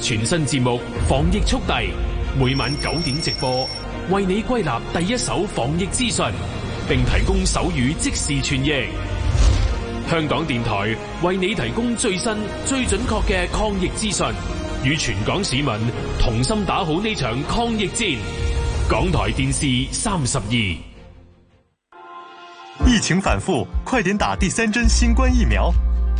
全新節目防疫速遞，每晚九點直播，為你歸納第一手防疫資訊，並提供手語即時傳譯。香港電台為你提供最新、最準確嘅抗疫資訊，與全港市民同心打好呢場抗疫戰。港台電視三十二，疫情反復，快點打第三針新冠疫苗。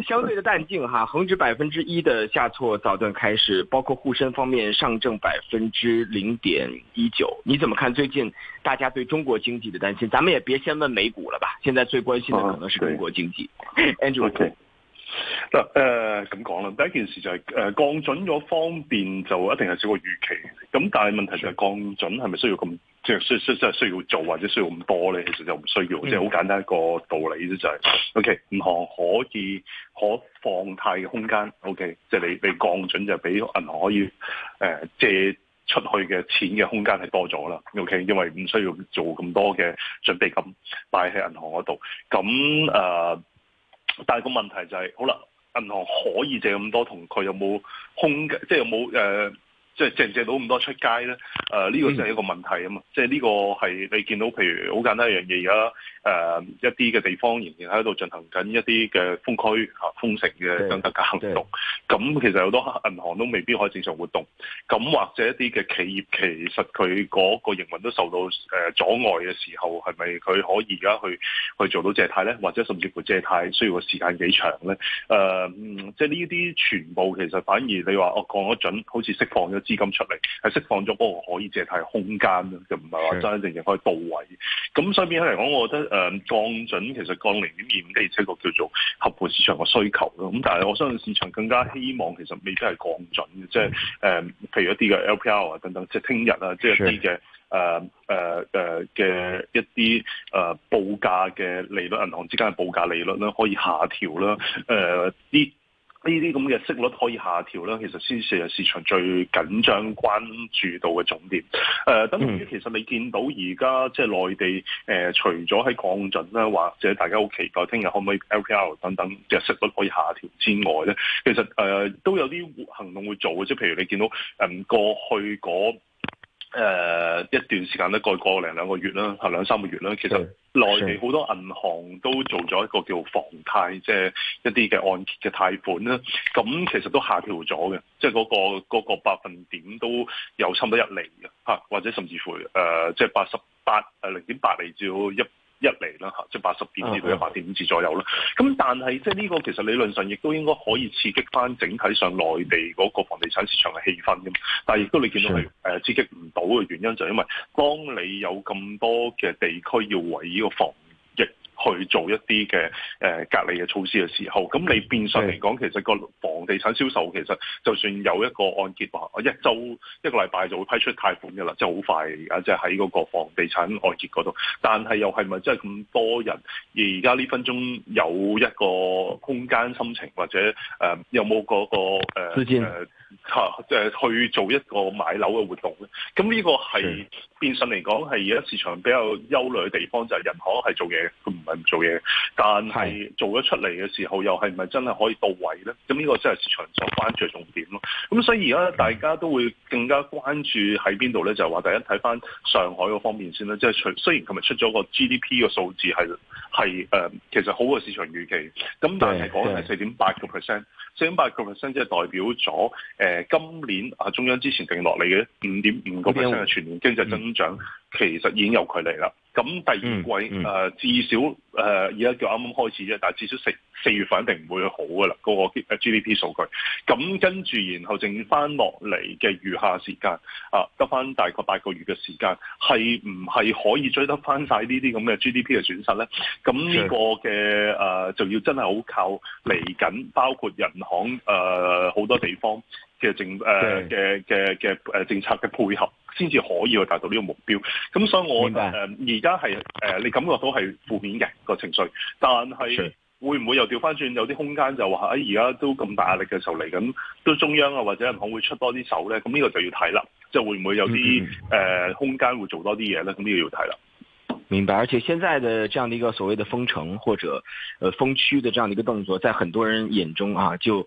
相對的淡靜哈，恒指百分之一的下挫早段開始，包括滬深方面上證百分之零點一九，你怎麼看最近大家對中國經濟的擔心？咱們也別先問美股了吧，現在最關心的可能是中國經濟。啊、Andrew，咁、okay. 嗯呃、講啦，第一件事就係、是、呃降準咗方面就一定係少過預期，咁但係問題就係降準係咪需要咁？即係需需真係需要做或者需要咁多咧？其實就唔需要，即係好簡單一個道理啫，就係，O K，銀行可以可以放貸嘅空間，O K，即係你被降準就俾銀行可以、呃、借出去嘅錢嘅空間係多咗啦，O K，因為唔需要做咁多嘅準備金擺喺銀行嗰度，咁誒、呃，但係個問題就係、是，好啦，銀行可以借咁多，同佢有冇空即係、就是、有冇誒？呃即係借唔借到咁多出街咧？誒、呃、呢、呢個就係一個問題啊嘛！即係呢個係你見到，譬如好簡單一樣嘢、啊，而家誒一啲嘅地方仍然喺度進行緊一啲嘅封區、封、啊、城嘅等等嘅行動。咁其實好多銀行都未必可以正常活動。咁或者一啲嘅企業其實佢嗰個營運都受到、呃、阻礙嘅時候，係咪佢可以而家去去做到借貸咧？或者甚至乎借貸需要嘅時間幾長咧？誒、呃，嗯，即係呢啲全部其實反而你話我、啊、降得準，好似釋放咗。資金出嚟係釋放咗嗰個可以借貸空間，就唔係話真真正正可以到位。咁所以變咗嚟講，我覺得誒、呃、降準其實降零點二五，跟住即係個叫做合乎市場嘅需求咯。咁但係我相信市場更加希望其實未必係降準嘅、嗯，即係誒、呃、譬如一啲嘅 LPR 啊等等，即係聽日啊，即係一啲嘅誒誒誒嘅一啲誒、呃、報價嘅利率，銀行之間嘅報價利率咧可以下調啦。誒、呃、啲。呢啲咁嘅息率可以下調啦。其實先至係市場最緊張關注到嘅重點。誒、呃，等於其實你見到而家即係內地、呃、除咗喺降準啦，或者大家好期待聽日可唔可以 LPR 等等嘅息率可以下調之外咧，其實誒、呃、都有啲行動會做嘅，即係譬如你見到誒、嗯、過去嗰、那個，誒、uh, 一段時間咧，過個零兩個月啦，嚇兩三個月啦。其實內地好多銀行都做咗一個叫房貸，即、就、係、是、一啲嘅按揭嘅貸款啦。咁其實都下調咗嘅，即係嗰個百分點都有差唔多一厘嘅，嚇、啊、或者甚至乎誒，即係八十八誒零點八厘至好一。就是 88, 一嚟啦吓，即係八十點至到一百點五次左右啦。咁、uh -huh. 但係即係呢個其實理論上亦都應該可以刺激翻整體上內地嗰個房地產市場嘅氣氛嘅。但係亦都你見到係刺激唔到嘅原因就係因為當你有咁多嘅地區要維呢個房。去做一啲嘅、呃、隔離嘅措施嘅時候，咁你變相嚟講，其實個房地產銷售其實就算有一個按揭，話一周一個禮拜就會批出貸款嘅啦，即係好快，而家即係喺嗰個房地產按揭嗰度，但係又係咪真係咁多人而而家呢分鐘有一個空間心情或者誒、呃、有冇嗰個誒即係去做一個買樓嘅活動咧？咁呢個係變相嚟講係而家市場比較憂慮嘅地方，就係人可係做嘢嘅，唔唔做嘢，但係做咗出嚟嘅時候，又係咪真係可以到位咧？咁呢個真係市場上關注重點咯。咁所以而家大家都會更加關注喺邊度咧？就係話，大家睇翻上海嗰方面先啦。即係除雖然琴日出咗個 GDP 個數字係係誒，其實好過市場預期。咁但係講緊係四點八個 percent，四點八個 percent 即係代表咗誒今年啊中央之前定落嚟嘅五點五個 percent 嘅全年經濟增長，其實已經有距離啦。咁第二季誒、嗯嗯呃、至少誒而家叫啱啱開始啫，但係至少四四月份一定唔會好噶啦，嗰、嗰個 GDP 數據。咁跟住然後剩翻落嚟嘅餘下時間啊，得、呃、翻大概八個月嘅時間，係唔係可以追得翻晒呢啲咁嘅 GDP 嘅損失咧？咁呢個嘅誒、呃、就要真係好靠嚟緊，包括人行誒好、呃、多地方。嘅政誒嘅嘅嘅誒政策嘅配合，先至可以去達到呢個目標。咁所以我誒而家係誒你感覺到係負面嘅個情緒，但係會唔會又調翻轉？有啲空間就話，喺而家都咁大壓力嘅時候嚟，咁都中央啊或者銀行會出多啲手咧？咁呢個就要睇啦，即係會唔會有啲誒、嗯嗯嗯呃、空間會做多啲嘢咧？咁呢個要睇啦。明白。而且現在的這樣的一個所謂的封城或者誒封區的這樣的一個動作，在很多人眼中啊就。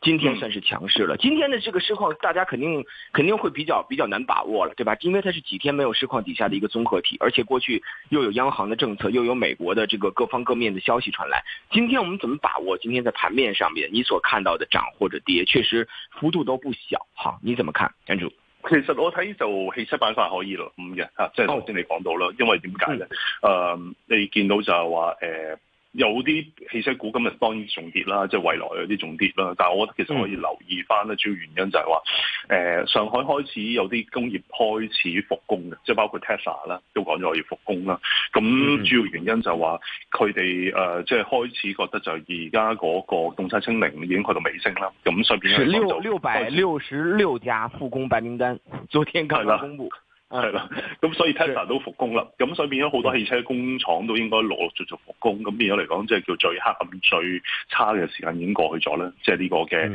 今天算是強勢了。嗯、今天的這個市況，大家肯定肯定會比較比較難把握了，對吧？因為它是幾天沒有市況底下的一個綜合體，而且過去又有央行的政策，又有美國的這個各方各面的消息傳來。今天我們怎麼把握？今天在盤面上面，你所看到的漲或者跌，確實幅度都不小。好，你怎麼看，站住？其實我睇就汽車板塊可以了。咁、嗯、嘅、嗯哦嗯、啊，即係頭先你講到啦。因為點解呢？呃，你見到就係話誒。呃有啲汽車股今日當然重跌啦，即係未來有啲重跌啦。但係我覺得其實可以留意翻咧，主要原因就係話、嗯呃、上海開始有啲工業開始復工嘅，即係包括 Tesla 啦，都講咗可以復工啦。咁主要原因就係話佢哋即係開始覺得就而家嗰個動產清零已經去到尾聲啦。咁上面變係。六六百六十六家復工白名單，昨天佢剛剛公布。係啦，咁所以 Tesla 都復工啦，咁所以變咗好多汽車工廠都應該陸陸續續復工，咁變咗嚟講，即係叫最黑暗，最差嘅時間已經過去咗咧，即係呢個嘅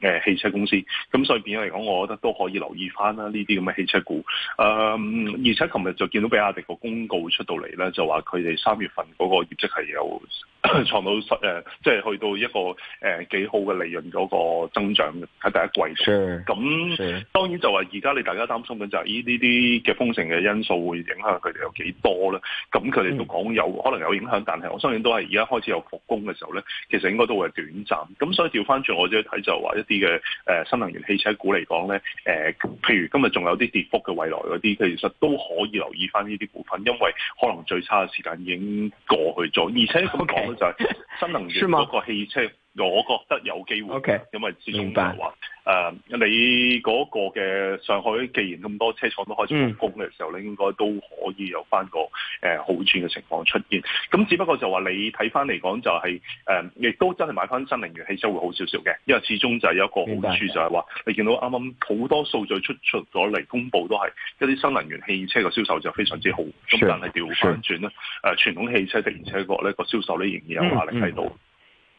誒誒汽車公司，咁所以變咗嚟講，我覺得都可以留意翻啦呢啲咁嘅汽車股，誒、呃，而且琴日就見到比亞迪個公告出到嚟咧，就話佢哋三月份嗰個業績係有。創 到、呃、即係去到一個、呃、幾好嘅利潤嗰個增長喺第一季。咁當然就話而家你大家擔心緊就係呢啲嘅封城嘅因素會影響佢哋有幾多呢？咁佢哋都講有可能有影響，但係我相信都係而家開始有復工嘅時候咧，其實應該都會係短暫。咁所以調翻轉我自己睇就話一啲嘅、呃、新能源汽車股嚟講咧，譬如今日仲有啲跌幅嘅未來嗰啲，佢其實都可以留意翻呢啲股份，因為可能最差嘅時間已經過去咗，而且咁樣講。Okay. 就係新能源嗰個汽車。我覺得有機會，okay，因為始終就係話、呃、你嗰個嘅上海，既然咁多車廠都開始復工嘅時候、嗯、你應該都可以有翻個誒、呃、好轉嘅情況出現。咁只不過就話你睇翻嚟講就係、是、誒，亦、呃、都真係買翻新能源汽車會好少少嘅，因為始終就係有一個好處就係話，你見到啱啱好多數據出出咗嚟公佈都係一啲新能源汽車嘅銷售就非常之好，咁但係調翻轉咧誒，傳、呃、統汽車的而且確呢個銷售咧仍然有壓力喺、嗯、度。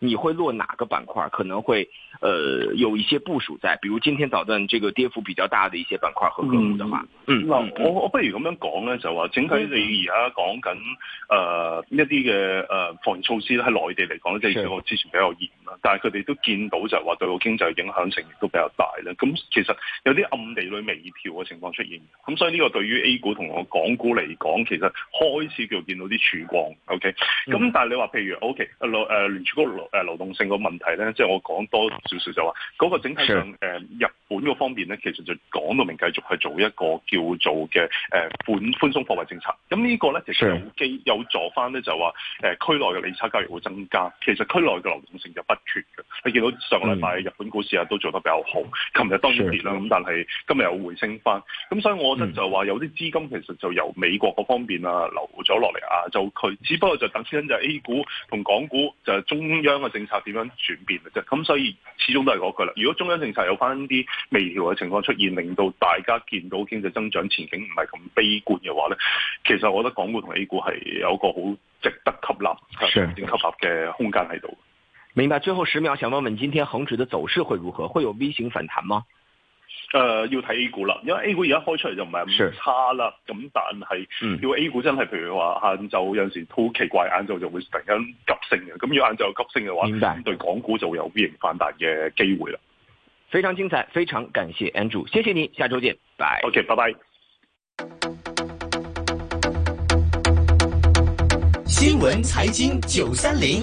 你會落哪個板塊？可能會，呃，有一些部署在，比如今天早段這個跌幅比較大的一些板塊和個股的話。嗯，嗯我我不如咁樣講咧，就係話整體你而家講緊，誒、呃、一啲嘅，誒防疫措施咧喺內地嚟講，即係我之前比較嚴啦。但係佢哋都見到就係話對個經濟影響性亦都比較大啦。咁其實有啲暗地裏微調嘅情況出現。咁所以呢個對於 A 股同我港股嚟講，其實開始叫見到啲曙光。O K。咁但係你話譬如 O K，誒誒聯誒流動性個問題咧，即、就、係、是、我講多少少就話、是、嗰、那個整體上誒、呃、日本個方面咧，其實就講到明繼續去做一個叫做嘅誒寬寬鬆貨幣政策。咁呢個咧其實有機有助翻咧就話誒區內嘅利差交易會增加。其實區內嘅流動性就不缺嘅。你見到上個禮拜日本股市啊都做得比較好。琴日當然跌啦，咁但係今日又回升翻。咁所以我覺得就話有啲資金其實就由美國嗰方面啊流咗落嚟啊，就佢只不過就等先，就 A 股同港股就中央。個政策點樣轉變嘅啫，咁所以始終都係嗰句啦。如果中央政策有翻啲微調嘅情況出現，令到大家見到經濟增長前景唔係咁悲觀嘅話咧，其實我覺得港股同 A 股係有一個好值得吸納、真正吸納嘅空間喺度。明白，最後十秒，想問問今天恒指的走勢會如何？會有 V 型反彈嗎？誒、呃，要睇 A 股啦，因為 A 股而家開出嚟就唔係咁差啦，咁但係要 A 股真係，譬如話晏晝有陣時好奇怪，晏晝就會突然間急升嘅，咁要晏晝急升嘅話，對港股就會有 V 型反彈嘅機會啦。非常精彩，非常感謝 Andrew，謝謝你，下周見，拜拜，OK，拜拜。新聞財經九三零。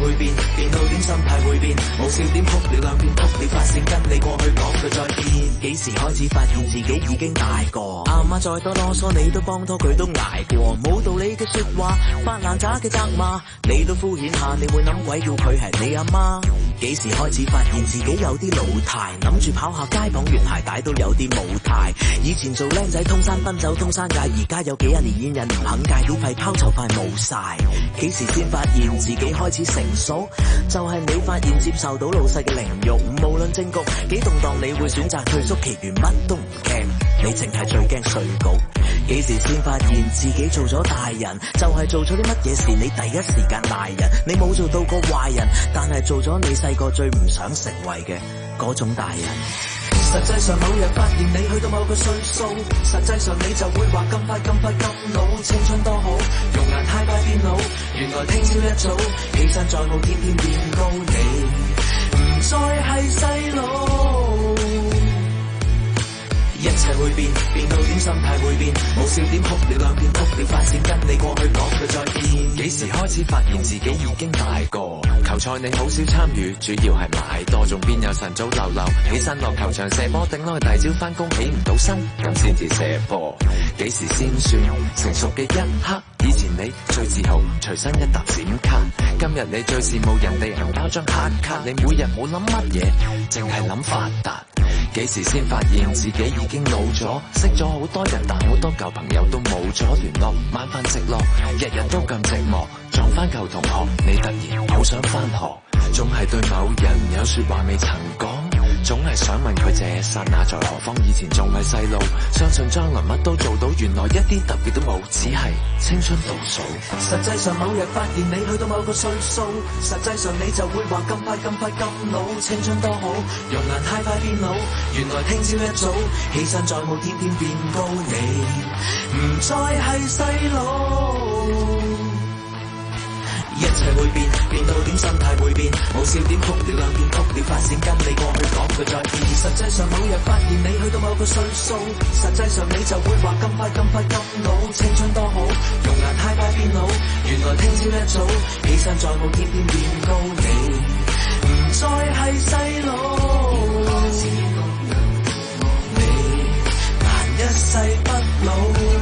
會變變到點心態會變，冇笑點哭你兩邊哭你髮線跟你過去講句再見。幾時開始發現自己已經大個？阿媽再多囉嗦，你都幫拖佢都挨過。冇道理嘅說話，發爛渣嘅責罵，你都敷衍下，你會諗鬼叫佢係你阿媽？幾時開始發現自己有啲老態？諗住跑下街綁完鞋帶都有啲冇態。以前做靚仔通山奔走通山界，而家有幾廿年煙癮肯戒，肯界點肺泡就快冇晒。幾時先發現自己開始成？就係、是、你發現接受到老細嘅凌辱，無論政局幾動盪，你會選擇退縮。其餘乜都唔驚，你淨係最驚稅局。幾時先發現自己做咗大人？就係、是、做咗啲乜嘢事，你第一時間賴人。你冇做到個壞人，但係做咗你細個最唔想成為嘅嗰種大人。實際上某，某日發現你去到某個歲數，實際上你就會話咁快咁快咁老，青春多好，容顏太快變老。原來聽朝一早起身再無，天天變高，你唔再係細路。一切會變，變到點心態會變，冇笑點哭了兩遍，你兩哭了發線，跟你過去講句再見。幾時開始發現自己已經大個？球賽你好少參與，主要係買多，仲邊有晨早流流起身落球場射波頂耐大朝返工起唔到身，咁先至射波。幾時先算成熟嘅一刻？以前你最自豪隨身一沓閃卡，今日你最羨慕人哋人包張黑卡。你每日冇諗乜嘢，淨係諗發達。幾時先發現自己已？已經老咗，識咗好多人，但好多舊朋友都冇咗聯絡，晚飯直落，日日都咁寂寞。撞翻舊同學，你突然好想翻學，總係對某人有說話未曾講。想問佢：這剎那在何方？以前仲係細路，相信將來乜都做到。原來一啲特別都冇，只係青春倒數。實際上某日發現你去到某個歲數，實際上你就會話：咁快咁快咁老。青春多好，容顏太快變老。原來聽朝一早起身，再冇天天變高，你唔再係細路。一切會變，變到點心態會變，無笑點哭了兩遍，哭了髮線，跟你過去講句再見。實際上某日發現你去到某個歲數，實際上你就會話，咁快咁快咁老。青春多好，容顏太快變老。原來聽朝一早，起身再冇天邊天天，見到你，唔再係細路。你但一世不老。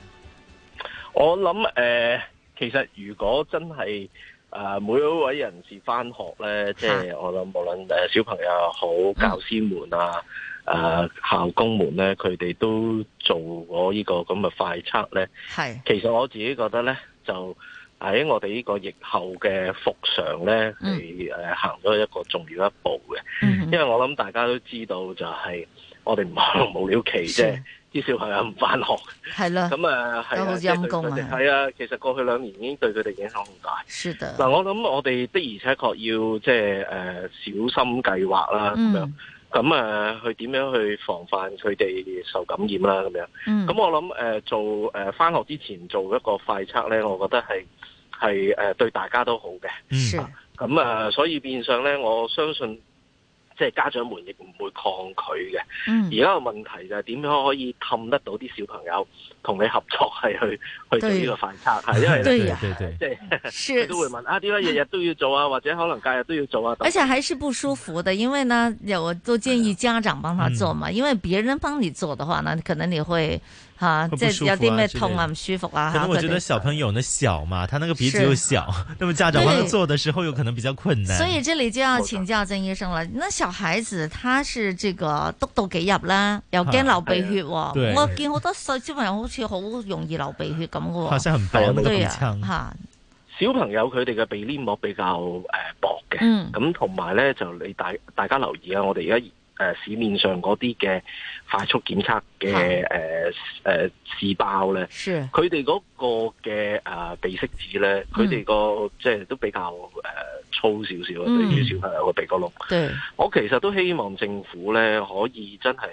我諗誒、呃，其實如果真係誒、呃、每一位人士返學咧，即係我諗，無論誒小朋友好，教師們啊，誒、嗯呃、校工們咧，佢哋都做過呢個咁嘅快測咧。係，其實我自己覺得咧，就喺我哋呢個疫後嘅復常咧，係、嗯、誒行咗一個重要一步嘅、嗯。因為我諗大家都知道就係、是、我哋唔係冇了期啫。啲小朋友唔翻學，係咯，咁誒係係陰功啊，係、嗯、啊、嗯，其實過去兩年已經對佢哋影響好大，是嗱，我諗我哋的而且確要即係誒小心計劃啦，咁、嗯、樣，咁誒、啊、去點樣去防範佢哋受感染啦，咁樣。咁、嗯、我諗誒、呃、做誒翻、呃、學之前做一個快測咧，我覺得係係誒對大家都好嘅，是。咁、啊、誒、呃，所以變相咧，我相信。即係家長們亦唔會抗拒嘅。嗯。而家個問題就係：點樣可以氹得到啲小朋友？同你合作係去去做呢個反差係、啊、因為對、啊就是、對對、啊，即係都會問啊，點解日日都要做啊，或者可能假日都要做啊。而且還是不舒服的，因為呢，我都建議家長幫佢做嘛、哎，因為別人幫你做的話呢，呢可能你會即係有啲咩痛啊、唔舒服啊。可能我覺得小朋友呢小嘛，他那個鼻子又小，那麼 家長幫佢做的時候，有可能比較困難。所以這裏就要請教曾醫生啦。那小孩子，他是這個督到幾日啦？又驚流鼻血、哎對。我見好多細小朋友好似好容易流鼻血咁嘅喎，成日唔得，成、那個啊啊、小朋友佢哋嘅鼻黏膜比較誒薄嘅，咁同埋咧就你大大家留意下我哋而家誒市面上嗰啲嘅快速檢測嘅誒誒試包咧，佢哋嗰個嘅誒鼻息紙咧，佢、嗯、哋、那個即係、就是、都比較誒粗少少啊，對、嗯、於小朋友個鼻哥窿。我其實都希望政府咧可以真係。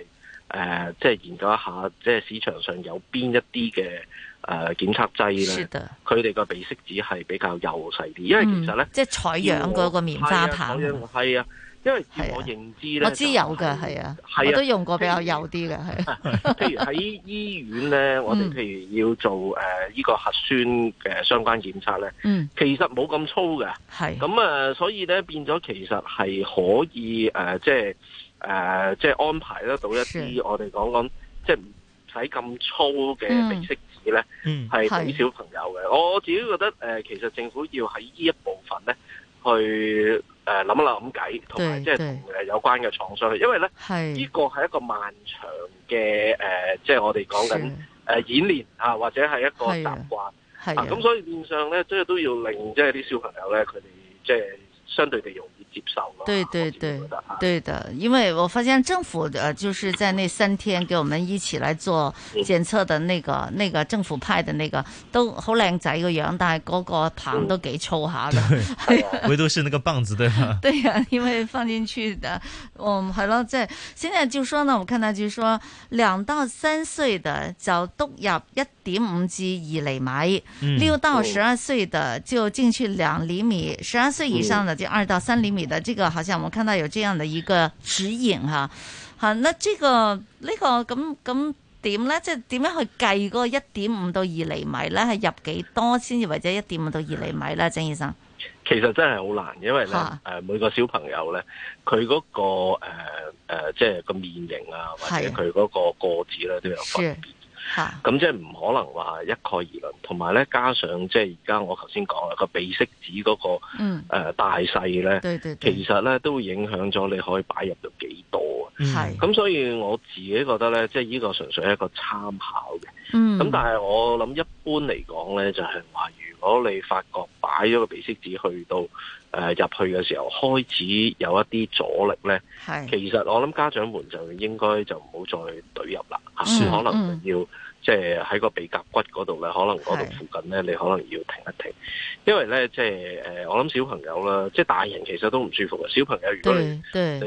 誒、呃，即係研究一下，即係市場上有邊一啲嘅誒檢測劑咧，佢哋個鼻拭子係比較幼細啲、嗯，因為其實咧，即係採樣嗰個棉花棒係啊，啊，因為我認知咧、啊，我知有㗎係啊，我都用過比較幼啲嘅係，譬如喺、啊、醫院咧， 我哋譬如要做誒呢、呃這個核酸嘅相關檢測咧，其實冇咁粗嘅，係咁啊，所以咧變咗其實係可以誒、呃，即係。誒、呃，即係安排得到一啲我哋講講，即係唔使咁粗嘅筆色紙咧，係、嗯、俾、嗯、小朋友嘅。我自己覺得誒、呃，其實政府要喺呢一部分咧，去誒諗、呃、一諗計，同埋即係同誒有關嘅廠商，因為咧，呢、這個係一個漫長嘅誒，即、呃、係、就是、我哋講緊誒演練啊，或者係一個習慣啊。咁、啊啊、所以面上咧，即、就、係、是、都要令即係啲小朋友咧，佢哋即係相對地用。接受、啊、對對對、啊，對的，因為我發現政府誒，就是在那三天，給我們一起來做檢測的那個，嗯、那個政府派的那個，都，一個擱擱都好靚仔嘅樣，但係嗰個棒都幾粗下嘅， 唯獨是那個棒子，對嗎？ 對呀、啊，因為放進去的，嗯，係咯，即係現在就說呢，我看到就是說兩到三歲的就篤入一點五至二厘米，六到十二歲的就進去兩厘米，十、哦、十二歲以上的就二到三厘米。的這個好像我看到有這樣的一個指引哈，好，那這個、這個、這這樣樣呢個咁咁點呢？即係點樣去計嗰個一點五到二厘米呢？係入幾多先至或者一點五到二厘米呢？鄭醫生，其實真係好難，因為呢，誒每個小朋友呢，佢嗰、嗰個誒誒即係個面型啊，或者佢嗰個個子呢都有分別。咁即係唔可能話一概而論，同埋咧加上即係而家我頭先講啦個鼻試紙嗰個誒大細咧，其實咧都會影響咗你可以擺入到幾多啊。係、嗯、咁，所以我自己覺得咧，即係呢個純粹係一個參考嘅。嗯，咁、嗯、但係我諗一般嚟講咧，就係、是、話如果你發覺擺咗個鼻息紙去到誒入、呃、去嘅時候開始有一啲阻力咧，係其實我諗家長們就應該就唔好再懟入啦吓，可能要、嗯、即係喺個鼻甲骨嗰度咧，可能嗰度附近咧，你可能要停一停，因為咧即係誒、呃、我諗小朋友啦，即係大人其實都唔舒服嘅，小朋友如果你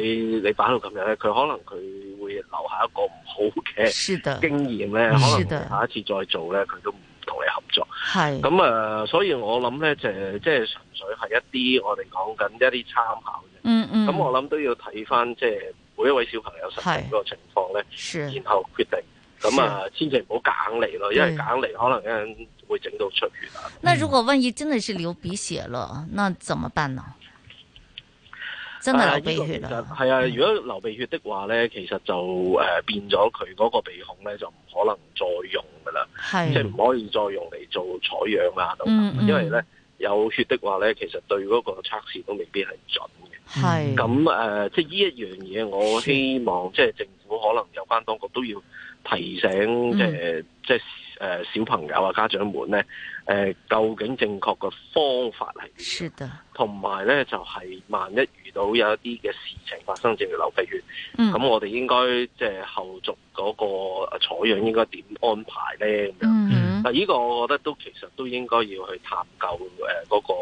你你擺到咁樣咧，佢可能佢。會留下一個唔好嘅經驗咧，可能下一次再做咧，佢都唔同你合作。係咁啊，所以我諗咧就即係純粹係一啲我哋講緊一啲參考嘅。嗯嗯。咁、嗯嗯嗯、我諗都要睇翻即係每一位小朋友實際嗰個情況咧，然後決定。咁、嗯、啊、嗯嗯，千祈唔好夾硬嚟咯，因為夾硬嚟可能有人會整到出血啊。那如果萬一真的是流鼻血了，嗯、那怎麼辦呢？真係流鼻血啊！係啊，如果流鼻血的話咧，其實就誒變咗佢嗰個鼻孔咧，就唔可能再用噶啦，即係唔可以再用嚟做採樣啊，等因為咧、嗯嗯、有血的話咧，其實對嗰個測試都未必係準嘅。係咁誒，即係呢一樣嘢，我希望即係政府可能有關當局都要提醒，嗯、即即係。誒、呃，小朋友啊，家長們咧，誒、呃，究竟正確嘅方法係點樣？是的，同埋咧，就係、是、萬一遇到有一啲嘅事情發生，正如流鼻血，咁、嗯嗯、我哋應該即係後續嗰個採樣應該點安排咧？嗯嗱，依個我覺得都其實都應該要去探究誒嗰、呃那個、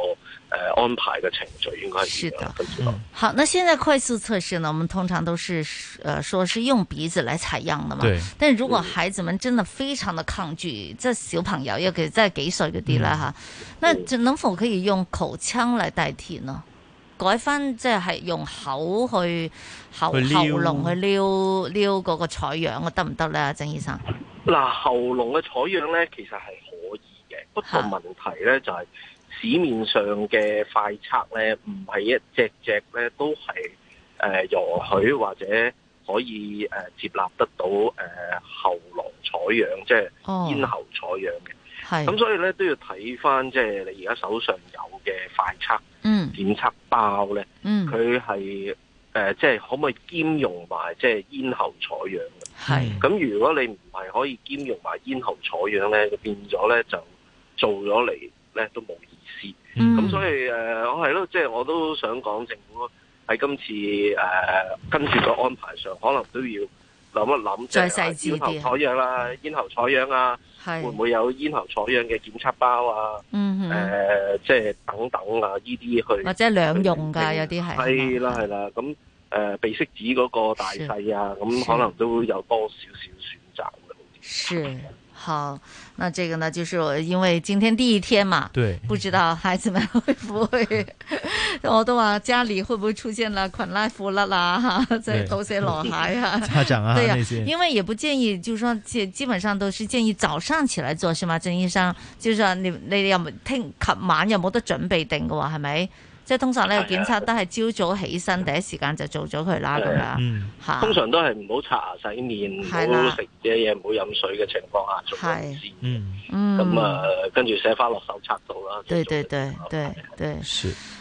呃、安排嘅程序應該係點樣？好，那現在快速測試呢？我們通常都是誒、呃，說是用鼻子來採樣的嘛，對。但如果孩子們真的非常的抗拒，即係、嗯、小朋友尤其真係幾歲嗰啲啦嚇，那能否可以用口腔嚟代替呢？改返即係用口去喉喉嚨去撩去撩嗰個採樣，得唔得呢？曾醫生？嗱，喉嚨嘅採樣咧，其實係可以嘅，不過問題咧就係、是、市面上嘅快測咧，唔係一隻隻咧都係誒、呃、容許或者可以誒、呃、接納得到誒、呃、喉嚨採樣，即、就、係、是、咽喉採樣嘅。係、哦、咁，所以咧都要睇返即係你而家手上有嘅快測，嗯，檢測包咧，嗯，佢係。誒、呃，即係可唔可以兼容埋即係咽喉採樣？係。咁如果你唔係可以兼容埋咽喉採樣咧，就變咗咧就做咗嚟咧都冇意思。咁、嗯嗯、所以誒，我係咯，即係我都想講政府喺今次誒、呃、跟住個安排上，可能都要諗一諗最細緻啲咽喉採樣啦，咽喉採樣啊，啊會唔會有咽喉採樣嘅檢測包啊？誒、嗯呃，即係等等啊，呢啲去或者、啊、兩用㗎，有啲係。係啦，係啦，咁。呃被息止嗰個大細啊，咁、嗯、可能都有多少少選擇嘅。是好，那這個呢，就是我因為今天第一天嘛，對，不知道孩子們會不會 我都話家裏會不會出現了困難服啦啦哈，再偷些老孩啊，家長啊， 對啊，因為也不建議，就是說基基本上都是建議早上起來做，係嘛，曾醫生，就是說你，你有冇聽琴晚有冇得準備定嘅話，係咪？即、就、係、是、通常呢咧，檢測都係朝早起身第一時間就做咗佢啦，係、嗯、啦。嚇，通常都係唔好刷牙、洗面、冇食嘢嘢、唔好飲水嘅情況下做先。嗯，咁啊，跟住寫翻落手冊度啦。對對對對對，對，對，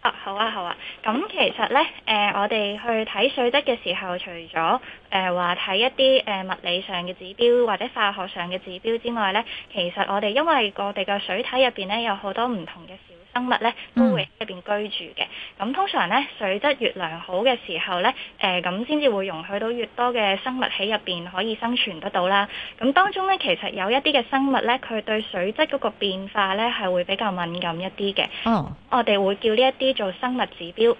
啊，好啊，好啊。咁其實呢，誒、呃，我哋去睇水質嘅時候，除咗誒話睇一啲誒物理上嘅指標或者化學上嘅指標之外呢，其實我哋因為我哋嘅水體入邊呢，有好多唔同嘅小生物咧都會喺入邊居住嘅，咁通常咧水質越良好嘅時候咧，誒咁先至會容許到越多嘅生物喺入邊可以生存得到啦。咁當中咧其實有一啲嘅生物咧，佢對水質嗰個變化咧係會比較敏感一啲嘅。哦、oh.，我哋會叫呢一啲做生物指標。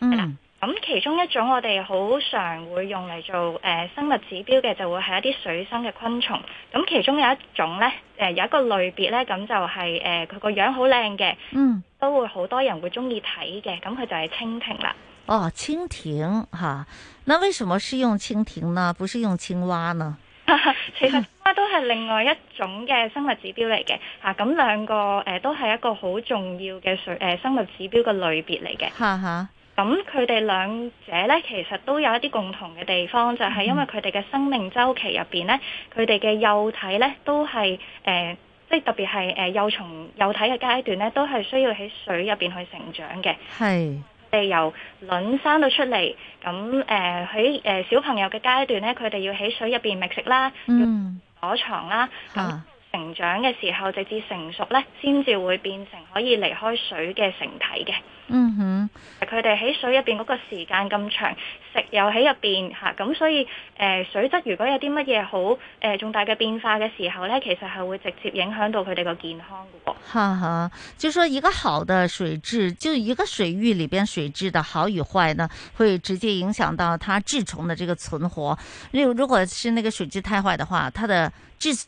嗯、mm.。咁其中一種我哋好常會用嚟做誒生物指標嘅，就會係一啲水生嘅昆蟲。咁其中有一種咧，誒有一個類別咧，咁就係誒佢個樣好靚嘅，嗯，都會好多人會中意睇嘅。咁佢就係蜻蜓啦。哦，蜻蜓吓，那為什麼是用蜻蜓呢？不是用青蛙呢？ 其實青蛙都係另外一種嘅生物指標嚟嘅。吓，咁兩個誒都係一個好重要嘅水誒生物指標嘅類別嚟嘅。吓吓。咁佢哋兩者咧，其實都有一啲共同嘅地方，就係、是、因為佢哋嘅生命周期入面咧，佢哋嘅幼體咧都係、呃、即係特別係誒幼蟲、幼體嘅階段咧，都係需要喺水入面去成長嘅。係，誒由卵生到出嚟，咁誒喺小朋友嘅階段咧，佢哋要喺水入面覓食啦，嗯，躲藏啦，咁。成長嘅時候直至成熟咧，先至會變成可以離開水嘅成體嘅。嗯哼，佢哋喺水入邊嗰個時間咁長，食又喺入邊吓，咁所以誒、呃、水質如果有啲乜嘢好誒、呃、重大嘅變化嘅時候咧，其實係會直接影響到佢哋個健康噶喎。哈哈，就說一個好的水質，就一個水域裏邊水質的好與壞呢，會直接影響到它稚蟲的這個存活。如果是那個水質太壞的話，它的稚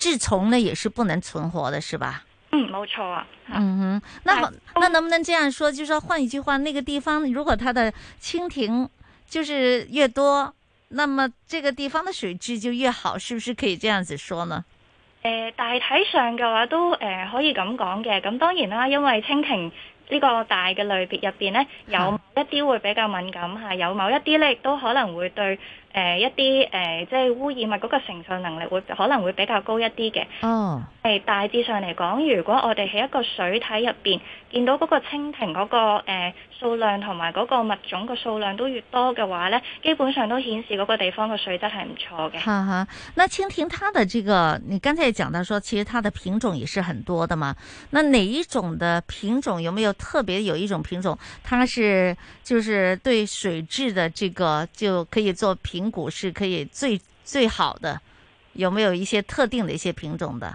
寄蟲呢也是不能存活的，是吧？嗯，冇錯啊。嗯哼，那那能不能這樣說？就說換一句話，那個地方如果它的蜻蜓就是越多，那麼這個地方的水質就越好，是不是可以這樣子說呢？誒、呃，大體上嘅話都誒、呃、可以咁講嘅。咁當然啦，因為蜻蜓呢個大嘅類別入邊呢，有一啲會比較敏感，係、嗯、有某一啲咧亦都可能會對。誒、呃，一啲誒、呃，即係污染物嗰個承受能力會可能會比較高一啲嘅。哦、oh. 呃，係大致上嚟講，如果我哋喺一個水體入邊見到嗰個蜻蜓嗰個誒。呃數量同埋嗰個物種個數量都越多嘅話呢，基本上都顯示嗰個地方嘅水質係唔錯嘅。吓、啊、吓，那蜻蜓，它的這個你剛才講到說，其實它的品種也是很多的嘛。那哪一種的品種有沒有特別有一種品種，它是就是對水質的這個就可以做評估，是可以最最好的？有沒有一些特定的一些品種的？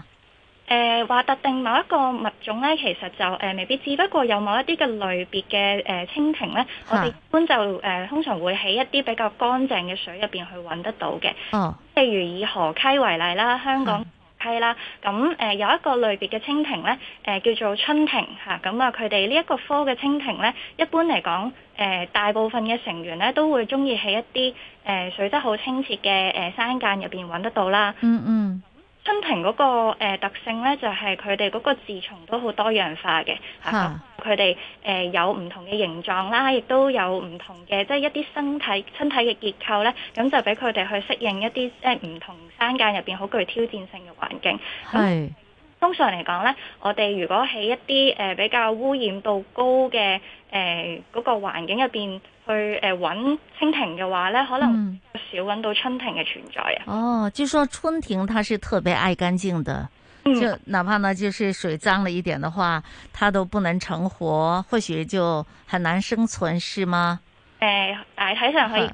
誒、呃、話特定某一個物種咧，其實就誒、呃、未必，只不過有某一啲嘅類別嘅誒、呃、蜻蜓咧、啊，我哋一般就誒、呃、通常會喺一啲比較乾淨嘅水入邊去揾得到嘅。哦，譬如以河溪為例啦，香港河溪啦，咁、啊、誒、呃、有一個類別嘅蜻蜓咧，誒、呃、叫做春蜓嚇，咁啊佢哋呢一個科嘅蜻蜓咧，一般嚟講誒大部分嘅成員咧都會中意喺一啲誒、呃、水質好清澈嘅誒、呃、山間入邊揾得到啦。嗯嗯。春蜓嗰、那個、呃、特性咧，就係佢哋嗰個稚蟲都好多元化嘅嚇。佢哋誒有唔同嘅形狀啦，亦都有唔同嘅即係一啲身體身體嘅結構咧，咁就俾佢哋去適應一啲即係唔同山澗入邊好具挑戰性嘅環境。係，通常嚟講咧，我哋如果喺一啲誒、呃、比較污染度高嘅誒嗰個環境入邊，去誒揾蜻蜓嘅話咧，可能少揾到春蜓嘅存在啊、嗯。哦，據說春蜓它是特別愛乾淨的，嗯、就哪怕呢就是水髒了一點的話，它都不能成活，或許就很難生存，是嗎？誒、呃，係，係，係可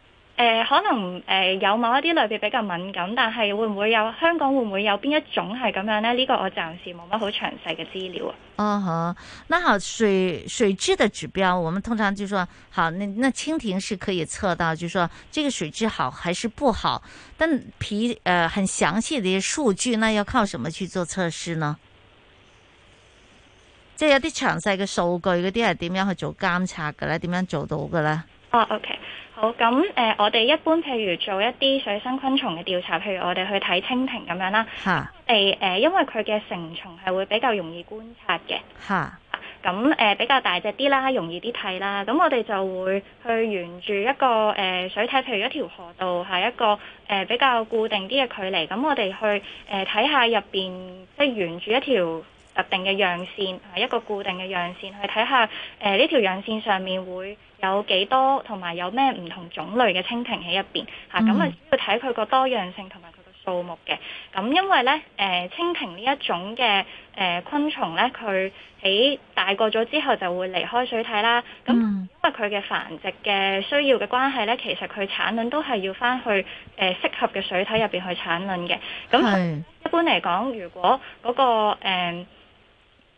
誒、呃，可能誒、呃、有某一啲類別比較敏感，但係會唔會有香港會唔會有邊一種係咁樣呢？呢、這個我暫時冇乜好詳細嘅資料啊。哦、uh -huh. 好，那好水水質的指標，我們通常就說好，那那蜻蜓是可以測到，就說這個水質好還是不好？但皮誒、呃、很詳細啲數據呢，那要靠什麼去做測試呢？即係有啲詳細嘅數據，嗰啲係點樣去做監測嘅咧？點樣做到嘅咧？哦、oh,，OK。好咁誒、呃，我哋一般譬如做一啲水生昆蟲嘅調查，譬如我哋去睇蜻蜓咁樣啦。嚇！誒、呃、誒，因為佢嘅成蟲係會比較容易觀察嘅。嚇！咁、呃、誒比較大隻啲啦，容易啲睇啦。咁我哋就會去沿住一個誒、呃、水體，譬如一條河道，係一個誒、呃、比較固定啲嘅距離，咁我哋去誒睇下入邊，即係沿住一條特定嘅樣線，係一個固定嘅樣線去睇下誒呢條樣線上面會有幾多同埋有咩唔同種類嘅蜻蜓喺入邊嚇？咁、嗯、啊，要睇佢個多樣性同埋佢個數目嘅。咁因為呢，誒、呃、蜻蜓呢一種嘅誒昆蟲呢，佢喺大個咗之後就會離開水體啦。咁、嗯、因為佢嘅繁殖嘅需要嘅關係呢，其實佢產卵都係要翻去誒、呃、適合嘅水體入邊去產卵嘅。咁一般嚟講，如果嗰個、呃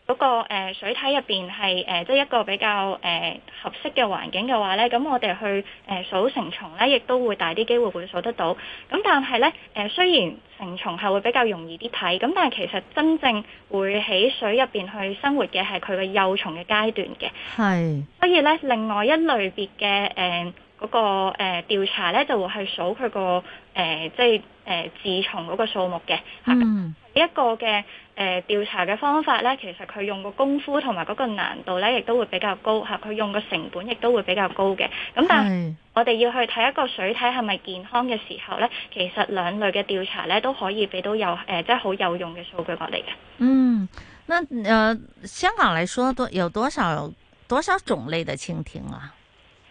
嗰個誒水體入邊係誒即係一個比較誒合適嘅環境嘅話咧，咁我哋去誒數成蟲咧，亦都會大啲機會會數得到。咁但係咧誒，雖然成蟲係會比較容易啲睇，咁但係其實真正會喺水入邊去生活嘅係佢嘅幼蟲嘅階段嘅，係。所以咧，另外一類別嘅誒嗰個誒調查咧，就會去數佢個。誒、呃，即係誒、呃，自從嗰個數目嘅，吓，呢、嗯、一、這個嘅誒、呃、調查嘅方法咧，其實佢用個功夫同埋嗰個難度咧，亦都會比較高吓，佢用個成本亦都會比較高嘅。咁但係我哋要去睇一個水體係咪健康嘅時候咧，其實兩類嘅調查咧都可以俾到有誒、呃，即係好有用嘅數據嚟嘅。嗯，那誒、呃、香港嚟說多有多少有多少種類嘅蜻蜓啊？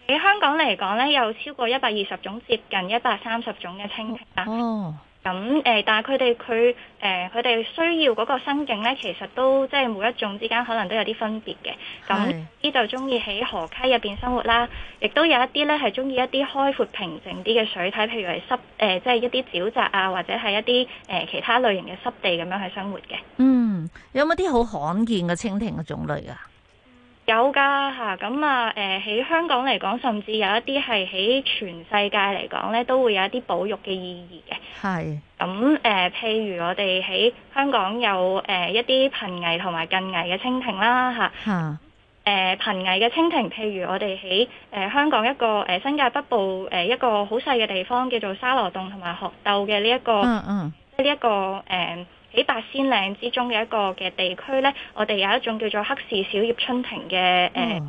喺香港嚟講咧，有超過一百二十種，接近一百三十種嘅蜻蜓啦。哦，咁、哦、誒，但係佢哋佢誒，佢哋、呃、需要嗰個生境咧，其實都即係每一種之間可能都有啲分別嘅。咁啲就中意喺河溪入邊生活啦，亦都有一啲咧係中意一啲開闊平靜啲嘅水體，譬如係濕誒，即、呃、係、就是、一啲沼澤啊，或者係一啲誒、呃、其他類型嘅濕地咁樣去生活嘅。嗯，有冇啲好罕見嘅蜻蜓嘅種類啊？有噶嚇，咁啊誒喺、呃、香港嚟講，甚至有一啲係喺全世界嚟講咧，都會有一啲保育嘅意義嘅。係。咁誒、呃，譬如我哋喺香港有誒、呃、一啲瀕危同埋近危嘅蜻蜓啦吓，嚇、啊。誒瀕危嘅蜻蜓，譬如我哋喺誒香港一個誒、呃、新界北部誒、呃、一個好細嘅地方，叫做沙羅洞同埋學竇嘅，呢一個嗯嗯，呢、uh, 一、uh. 這個誒。呃喺八仙嶺之中嘅一個嘅地區呢，我哋有一種叫做黑氏小葉春蜓嘅，誒，係、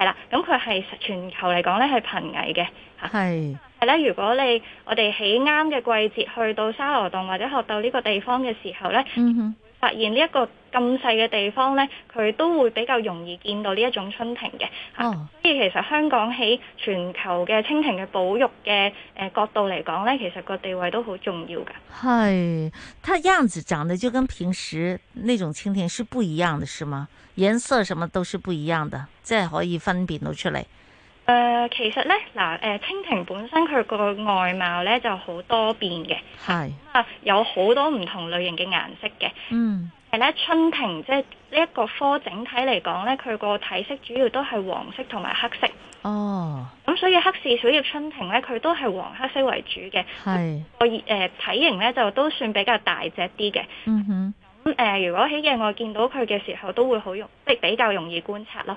哦、啦，咁佢係全球嚟講呢係瀕危嘅。嚇，係，如果你我哋喺啱嘅季節去到沙羅洞或者學到呢個地方嘅時候呢。嗯發現呢一個咁細嘅地方咧，佢都會比較容易見到呢一種蜻蜓嘅，所以其實香港喺全球嘅蜻蜓嘅保育嘅誒角度嚟講咧，其實個地位都好重要噶。係，它樣子長得就跟平時那種蜻蜓是不一樣的，是嗎？顏色什麼都是不一樣的，即係可以分辨到出來。誒、呃，其實咧，嗱，誒，蜻蜓本身佢個外貌咧就好多變嘅，係啊，有好多唔同類型嘅顏色嘅，嗯，係咧，春蜓即係呢一個科整體嚟講咧，佢個體色主要都係黃色同埋黑色，哦，咁所以黑翅小葉春蜓咧，佢都係黃黑色為主嘅，係，個，誒，體型咧就都算比較大隻啲嘅，嗯哼，咁誒、呃，如果喺野外見到佢嘅時候，都會好容易，即係比較容易觀察咯。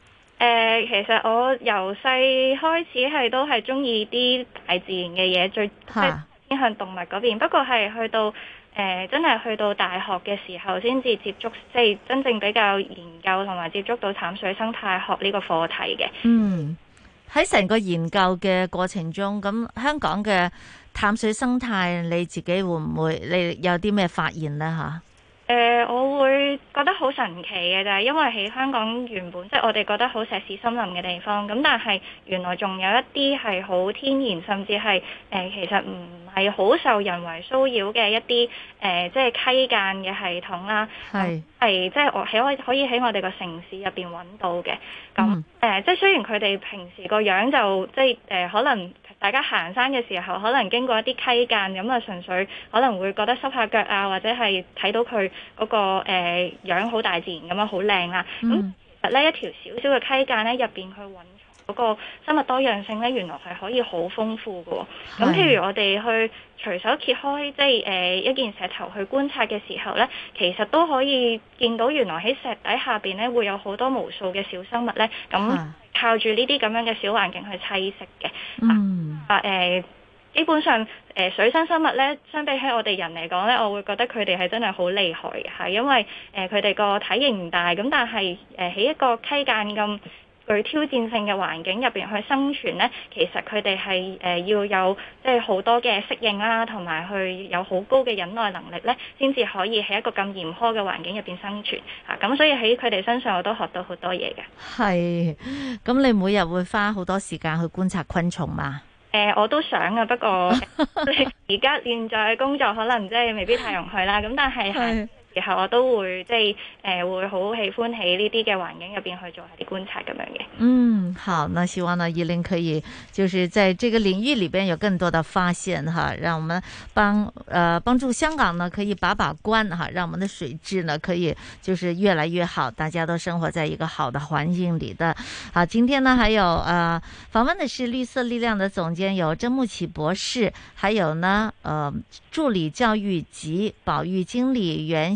誒、呃，其實我由細開始係都係中意啲大自然嘅嘢，最偏向動物嗰邊。不過係去到誒、呃，真係去到大學嘅時候，先至接觸，即係、就是、真正比較研究同埋接觸到淡水生態學呢個課題嘅。嗯，喺成個研究嘅過程中，咁香港嘅淡水生態，你自己會唔會，你有啲咩發現呢？嚇？誒、呃，我會覺得好神奇嘅就係，因為喺香港原本即係我哋覺得好石屎森林嘅地方，咁但係原來仲有一啲係好天然，甚至係誒、呃、其實唔係好受人為騷擾嘅一啲誒、呃，即係溪間嘅系統啦，係、啊、係即係我喺我可以喺我哋個城市入邊揾到嘅，咁誒、嗯呃、即係雖然佢哋平時個樣就即係誒、呃、可能。大家行山嘅時候，可能經過一啲溪澗，咁啊純粹可能會覺得濕下腳啊，或者係睇到佢嗰、那個誒、呃、樣好大自然咁樣好靚啦。咁、嗯、其實呢一條少少嘅溪澗咧入面去搵。嗰、那個生物多樣性咧，原來係可以好豐富嘅、哦。咁譬如我哋去隨手揭開即係誒一件石頭去觀察嘅時候咧，其實都可以見到原來喺石底下邊咧會有好多無數嘅小生物咧。咁靠住呢啲咁樣嘅小環境去棲息嘅。Mm. 啊誒、呃，基本上誒、呃、水生生物咧，相比起我哋人嚟講咧，我會覺得佢哋係真係好厲害嘅，係因為誒佢哋個體型唔大，咁但係誒喺一個溪間咁，去挑戰性嘅環境入邊去生存呢，其實佢哋係誒要有即係好多嘅適應啦、啊，同埋去有好高嘅忍耐能力呢，先至可以喺一個咁嚴苛嘅環境入邊生存嚇。咁、啊、所以喺佢哋身上我都學到好多嘢嘅。係，咁你每日會花好多時間去觀察昆蟲嘛？誒、呃，我都想啊，不過你而家 現在，在工作可能即係未必太容許啦。咁但係係。然後我都會即係誒，會好喜歡喺呢啲嘅環境入邊去做下啲觀察咁樣嘅。嗯，好，那希望呢欣鈴，可以就是在這個領域裏邊有更多的發現哈，讓我們幫呃幫助香港呢可以把把關哈，讓我們的水質呢可以就是越來越好，大家都生活在一個好的環境裏的。的好，今天呢還有呃訪問的是綠色力量的總監有鄭睦奇博士，還有呢呃助理教育及保育經理袁。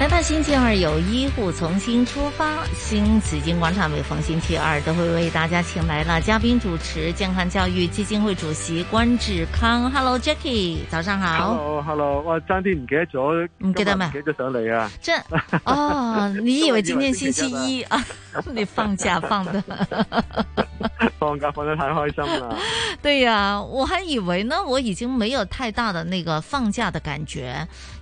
來到星期二，有醫護重新出發，新紫荊廣場每逢星期二都會為大家請來了嘉賓主持，健康教育基金會主席關志康。Hello，Jackie，早上好。Hello，Hello，hello, 我爭啲唔記得咗，唔記得咩？記得上嚟啊！真哦，你以為今天星期一，星期一 啊？你放假放的， 放假放得太開心了。對呀、啊，我還以為呢，我已經沒有太大的那個放假的感覺。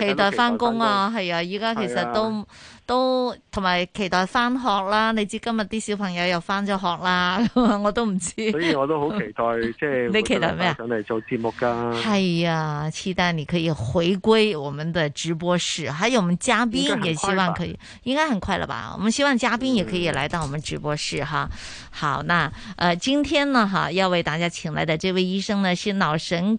期待翻工啊，係啊！依家其實都、啊、都同埋期待翻學啦。你知今日啲小朋友又翻咗學啦，我都唔知。所以我都好期待，即係 你期待咩啊上嚟做節目噶係啊，期待你可以回歸我們的直播室，還有我們嘉賓也希望可以，應該很快了吧，吧？我們希望嘉賓也可以來到我們直播室哈、嗯。好，那呃今天呢，哈，要為大家請來的這位醫生呢，是腦神。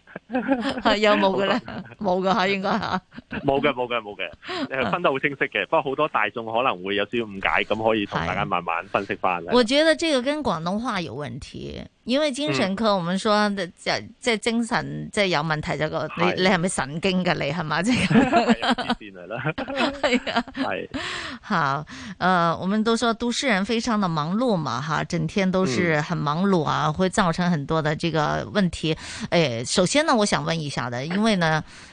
係 有冇嘅咧？冇嘅吓，應該吓。冇嘅，冇嘅，冇嘅。你係分得好清晰嘅， 不過好多大眾可能會有少少誤解，咁可以同大家慢慢分析翻。我覺得這個跟廣東話有問題。因為精神科，嗯、我們說即係即係精神即係有問題，就、這個你你係咪神經㗎？你係嘛？即係變嚟啦。係，好，呃，我們都說都市人非常的忙碌嘛，哈，整天都是很忙碌啊，嗯、會造成很多的這個問題。誒、嗯哎，首先呢，我想問一下的，因為呢。嗯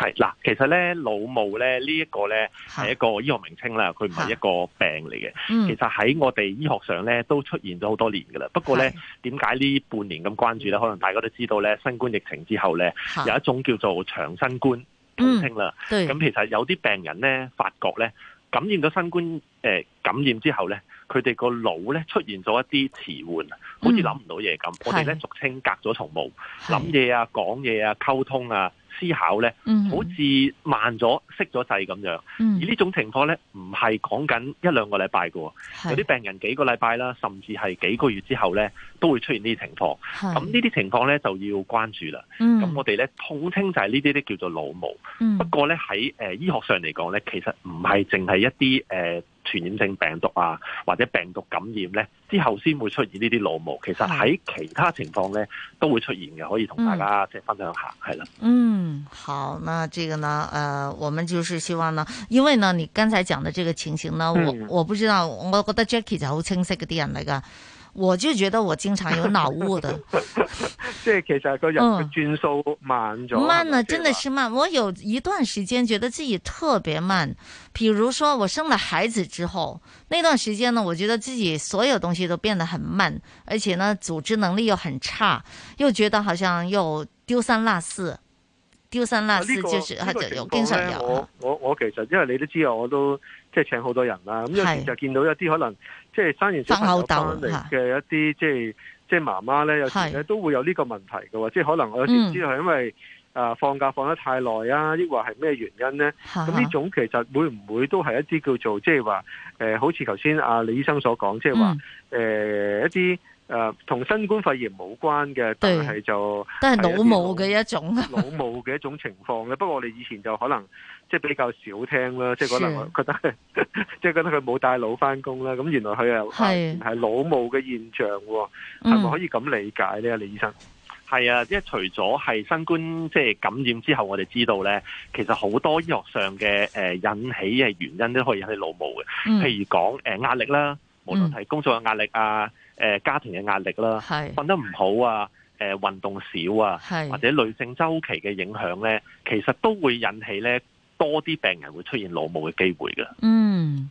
係嗱，其實咧腦霧咧呢，腦霧呢這一個咧係一個醫學名稱啦，佢唔係一個病嚟嘅、嗯。其實喺我哋醫學上咧都出現咗好多年噶啦。不過咧，點解呢半年咁關注咧？可能大家都知道咧，新冠疫情之後咧有一種叫做長新冠俗稱啦。咁、嗯、其實有啲病人咧發覺咧感染咗新冠誒、呃、感染之後咧，佢哋個腦咧出現咗一啲遲緩，好似諗唔到嘢咁。我哋咧俗稱隔咗層霧，諗嘢啊、講嘢啊、溝通啊。思考咧，好似慢咗，熄咗掣咁樣。而呢種情況咧，唔係講緊一兩個禮拜嘅，有啲病人幾個禮拜啦，甚至係幾個月之後咧，都會出現呢啲情況。咁呢啲情況咧，就要關注啦。咁我哋咧統稱就係呢啲啲叫做腦毛。不過咧喺誒醫學上嚟講咧，其實唔係淨係一啲誒。呃傳染性病毒啊，或者病毒感染咧，之後先會出現呢啲老毛。其實喺其他情況咧，都會出現嘅。可以同大家即係分享下，係、嗯、啦。嗯，好，嗱，呢個呢？誒、呃，我們就是希望呢，因為呢，你剛才講的這個情形呢，嗯、我我不知道，我覺得 Jackie 就好清晰嗰啲人嚟㗎。我就覺得我經常有腦霧的， 即係其實個人嘅轉數慢咗、嗯，慢啊，真的是慢。我有一段時間覺得自己特別慢，比如說我生了孩子之後，那段時間呢，我覺得自己所有東西都變得很慢，而且呢，組織能力又很差，又覺得好像又丟三落四，丟三落四就是他就有經常有我我，我其實因為你都知道，我都即係請好多人啦，咁有時就見到一啲可能。即係生完小朋友嚟嘅一啲，即係即係媽媽咧，有時咧都會有呢個問題嘅喎。即係可能我有時唔知道係因為啊放假放得太耐啊，抑或係咩原因咧？咁呢種其實會唔會都係一啲叫做即係話誒，好似頭先阿李醫生所講，即係話誒一啲。誒、呃，同新冠肺炎冇關嘅，但係就都係腦霧嘅一種，腦霧嘅一種情況咧。 不過我哋以前就可能即係比較少聽啦， 即係可能我覺得 即係覺得佢冇帶腦返工啦。咁原來佢又係係腦霧嘅現象，係咪可以咁理解咧，嗯？李醫生係啊，因為除咗係新冠即係、就是、感染之後，我哋知道咧，其實好多醫學上嘅誒、呃、引起嘅原因都可以係腦霧嘅，譬、嗯、如講誒、呃、壓力啦，無論係工作嘅壓力啊。嗯啊誒家庭嘅壓力啦，瞓得唔好啊，誒運動少啊，或者女性周期嘅影響咧，其實都會引起咧多啲病人會出現腦霧嘅機會㗎。嗯，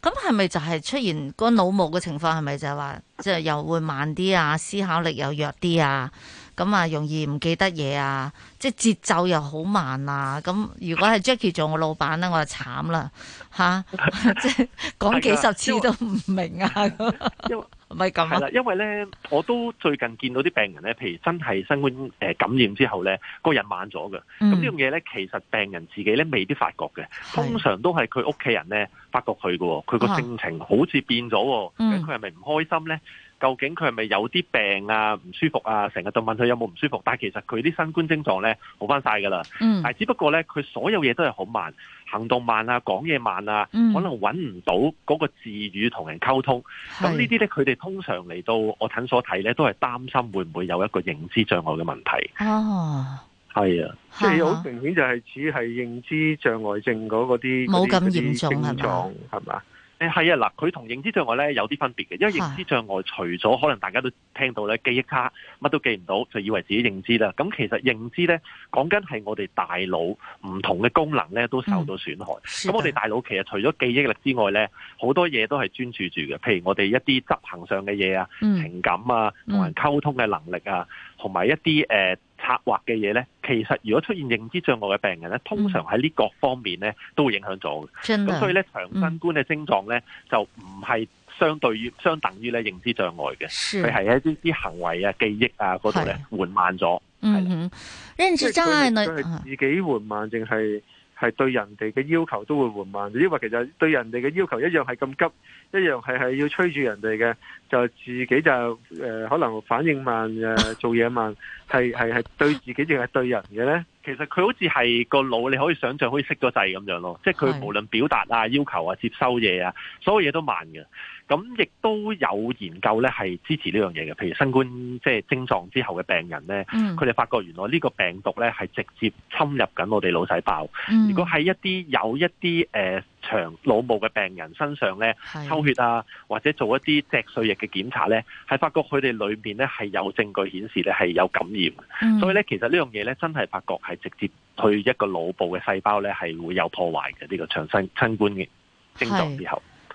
咁係咪就係出現個腦霧嘅情況？係咪就係話，即係又會慢啲啊，思考力又弱啲啊，咁啊容易唔記得嘢啊，即係節奏又好慢啊。咁如果係 Jackie 做我老闆咧， 我就慘啦嚇，即係講幾十次都唔明啊。 咁係啦，因為咧，我都最近見到啲病人咧，譬如真係新冠誒感染之後咧，個人慢咗嘅，咁、mm. 呢樣嘢咧，其實病人自己咧未必發覺嘅，通常都係佢屋企人咧發覺佢喎、哦。佢個性情好似變咗，咁佢係咪唔開心咧？究竟佢係咪有啲病啊、唔舒服啊？成日就問佢有冇唔舒服，但係其實佢啲新冠症狀咧好返晒㗎啦。但係只不過咧，佢所有嘢都係好慢，行動慢啊，講嘢慢啊，嗯、可能揾唔到嗰個字語同人溝通。咁、嗯、呢啲咧，佢哋通常嚟到我診所睇咧，都係擔心會唔會有一個認知障礙嘅問題。哦，係啊，即係好明顯就係似係認知障礙症嗰啲冇咁嚴重症狀係嘛？誒，係啊，嗱，佢同認知障礙咧有啲分別嘅，因為認知障礙除咗可能大家都聽到咧記憶差乜都記唔到，就以為自己認知啦。咁其實認知咧講緊係我哋大腦唔同嘅功能咧都受到損害。咁、嗯、我哋大腦其實除咗記憶力之外咧，好多嘢都係專注住嘅，譬如我哋一啲執行上嘅嘢啊，情感啊，同人溝通嘅能力啊，同埋一啲誒策劃嘅嘢咧，其實如果出現認知障礙嘅病人咧，通常喺呢各方面咧都會影響咗嘅。咁，所以咧長新冠嘅症狀咧，就唔係相對於、嗯、相等於咧認知障礙嘅，佢係一啲啲行為啊、記憶啊嗰度咧緩慢咗。嗯哼，認知障礙，佢係自己緩慢定係？只是係對人哋嘅要求都會緩慢，因為其實對人哋嘅要求一樣係咁急，一樣係係要催住人哋嘅，就自己就誒、呃、可能反應慢誒做嘢慢，係係係對自己定係對人嘅咧？ 其實佢好似係個腦，你可以想象可以熄咗掣咁樣咯，即係佢無論表達啊、要求啊、接收嘢啊，所有嘢都慢嘅。咁亦都有研究咧，係支持呢樣嘢嘅。譬如新冠即係症狀之後嘅病人咧，佢、嗯、哋發覺原來呢個病毒咧係直接侵入緊我哋腦細胞、嗯。如果喺一啲有一啲誒長腦部嘅病人身上咧，抽血啊或者做一啲脊髓液嘅檢查咧，係發覺佢哋裏面咧係有證據顯示咧係有感染。嗯、所以咧，其實呢樣嘢咧真係發覺係直接去一個腦部嘅細胞咧係會有破壞嘅呢、呢個長新新冠嘅症狀之後。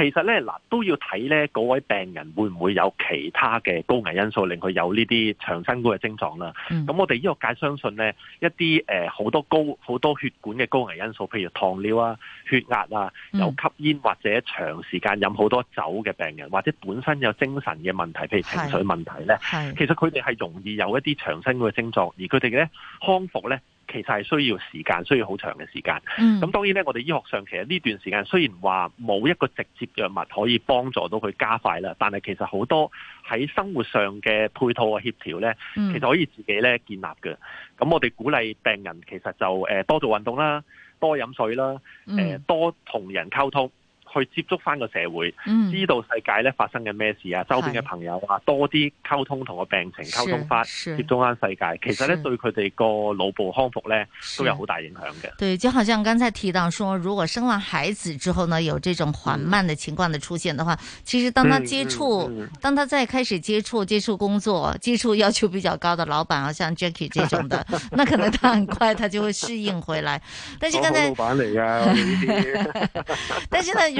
其實咧，嗱都要睇咧嗰位病人會唔會有其他嘅高危因素令佢有呢啲長新冠嘅症狀啦。咁、嗯、我哋醫學界相信咧，一啲誒好多高好多血管嘅高危因素，譬如糖尿啊、血壓啊，有吸煙或者長時間飲好多酒嘅病人、嗯，或者本身有精神嘅問題，譬如情緒問題咧，其實佢哋係容易有一啲長新冠嘅症狀，而佢哋嘅康復咧。其實係需要時間，需要好長嘅時間。咁、嗯、當然咧，我哋醫學上其實呢段時間雖然話冇一個直接藥物可以幫助到佢加快啦，但係其實好多喺生活上嘅配套嘅協調咧，其實可以自己咧建立嘅。咁、嗯、我哋鼓勵病人其實就誒多做運動啦，多飲水啦，誒多同人溝通。去接觸翻個社會，知道世界呢發生嘅咩事啊、嗯，周邊嘅朋友啊，多啲溝通同個病情溝通翻，接觸翻世界，其實呢對佢哋個腦部康復呢，都有好大影響嘅。對，就好像剛才提到說，說如果生完孩子之後呢，有這種緩慢的情況的出現的話，其實當他接觸、嗯嗯嗯，當他再開始接觸、接觸工作、接觸要求比較高的老闆啊，像 Jacky 這種的， 那可能他很快他就會適應回來。老闆嚟㗎呢啲。 但是呢？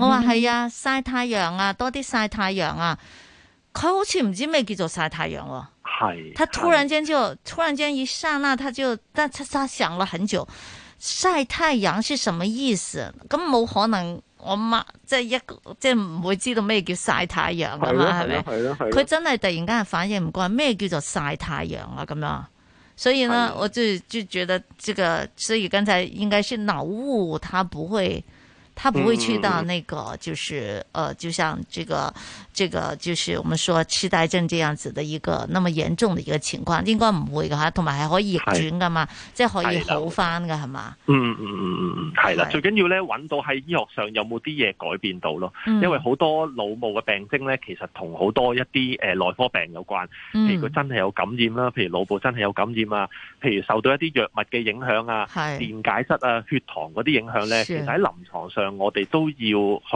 我話係啊，曬太陽啊，多啲曬太陽啊。佢好似唔知咩叫做曬太陽喎、啊。係。佢突然間就，突然間一剎那，他就但他他想了很久，曬太陽是什麼意思？咁冇可能，我媽即係一即係唔會知道咩叫曬太陽噶嘛，係咪？佢真係突然間反應唔過，咩叫做曬太陽啊？咁樣，所以呢，我就，就覺得這個，所以剛才應該是腦霧，他不會。他不會去到那個，就是、嗯，呃，就像這個，這個就是我們說痴呆症這樣子的一個那麼嚴重的一個情況，應該唔會噶吓，同埋係可以逆轉噶嘛，即係可以好翻噶係嘛？嗯嗯嗯嗯，係啦，最緊要咧揾到喺醫學上有冇啲嘢改變到咯、嗯，因為好多腦部嘅病徵咧，其實同好多一啲誒內科病有關，譬、嗯、如佢真係有感染啦，譬如腦部真係有感染啊，譬如受到一啲藥物嘅影響啊，電解質啊、血糖嗰啲影響咧，其實喺臨床上。我哋都要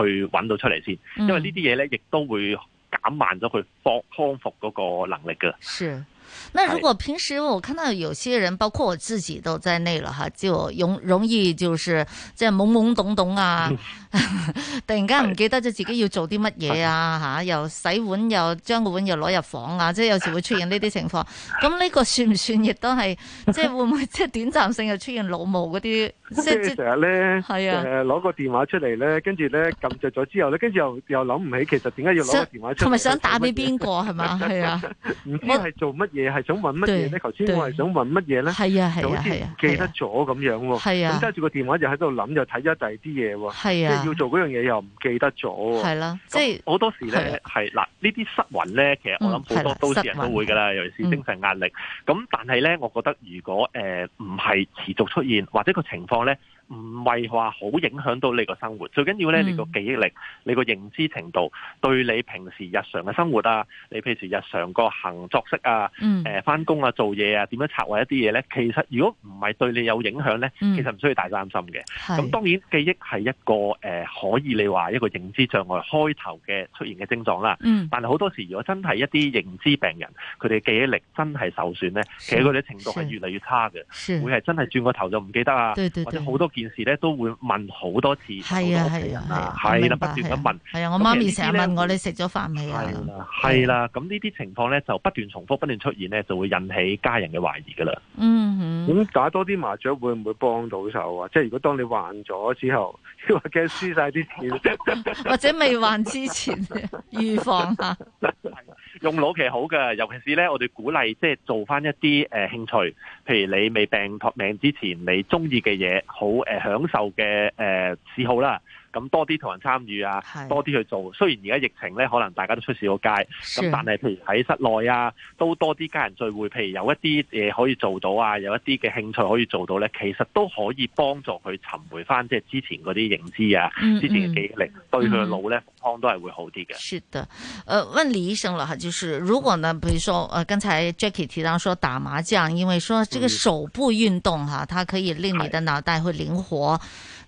去揾到出嚟先，因為呢啲嘢咧，亦都會減慢咗佢復康復嗰個能力嘅。是，那如果平時我看到有些人，包括我自己都在內啦，哈，就容容易就是即係懵懵懂懂啊。 突然間唔記得咗自己要做啲乜嘢啊？吓、啊，又洗碗，又將個碗又攞入房啊！即係有時會出現呢啲情況。咁呢個算唔算亦都係？即係會唔會即係短暫性又出現腦霧嗰啲？即係成日咧，係啊，攞、呃、個電話出嚟咧，跟住咧撳着咗之後咧，跟住又又諗唔起，其實點解要攞個電話出？同埋想打俾邊個係嘛？係啊，唔知係做乜嘢，係想問乜嘢咧？頭先我係想問乜嘢咧？係啊係啊，好似唔記得咗咁樣喎。係啊，咁揸住個電話就喺度諗，又睇咗第二啲嘢喎。係啊。就是要做嗰樣嘢又唔記得咗，係啦，即係好多時咧係嗱呢啲失魂咧，嗯，其實我諗好多是都市人都會㗎啦，尤其是精神壓力。咁，嗯、但係咧，我覺得如果誒唔係持續出現或者個情況咧。唔係話好影響到你個生活，最緊要咧你個記憶力、嗯、你個認知程度，對你平時日常嘅生活啊，你譬如日常個行作息啊，誒翻工啊、做嘢啊，點樣策劃一啲嘢咧，其實如果唔係對你有影響咧、嗯，其實唔需要大擔心嘅。咁當然記憶係一個誒、呃、可以你話一個認知障礙開頭嘅出現嘅症狀啦。嗯、但係好多時如果真係一啲認知病人，佢哋記憶力真係受損咧，其實佢哋程度係越嚟越差嘅，會係真係轉個頭就唔記得啊，或者好多。件事咧都會問好多次，係啊係啊係啦、啊啊，不斷咁問，係啊，啊，我媽咪成日問我你食咗飯未啊，係啦係啦，咁、啊啊啊啊、呢啲情況咧就不斷重複不斷出現咧，就會引起家人嘅懷疑噶啦。嗯哼，咁打多啲麻雀會唔會幫到手啊？即係如果當你患咗之後。驚輸晒啲錢， 或者未還之前預防下、啊， 用腦期好嘅，尤其是呢，我哋鼓勵即係做翻一啲誒興趣，譬如你未病托命之前，你中意嘅嘢，好誒享受嘅誒、呃、嗜好啦。咁多啲同人參與啊，多啲去做。雖然而家疫情呢，可能大家都出少咗街，咁但係譬如喺室內啊，都多啲家人聚會，譬如有一啲嘢可以做到啊，有一啲嘅興趣可以做到呢，其實都可以幫助佢尋回翻即係之前嗰啲認知啊，之前嘅記憶力對佢嘅腦呢，復康都係會好啲嘅。是的，呃，問李醫生喇，就是如果呢，譬如說，呃，剛才 Jackie 提到說打麻將，因為說這個手部運動哈、啊，它可以令你的腦袋會靈活。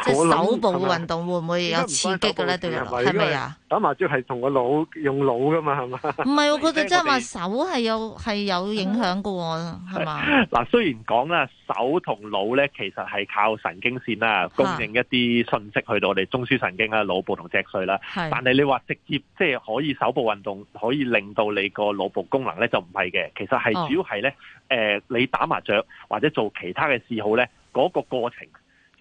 即係手部運動會唔會有刺激嘅咧？對個腦係咪啊？是跟是打麻雀係同個腦用腦噶嘛？係嘛？唔係、啊，佢哋即係話手係有係有影響噶，係、嗯、嘛？嗱，雖然講啦，手同腦咧，其實係靠神經線啦，供應一啲信息去到我哋中樞神經啦、腦部同脊髓啦、啊。但係你話直接即係、就是、可以手部運動，可以令到你個腦部功能咧就唔係嘅。其實係主要係咧，誒、哦呃，你打麻雀或者做其他嘅嗜好咧，嗰、那個過程。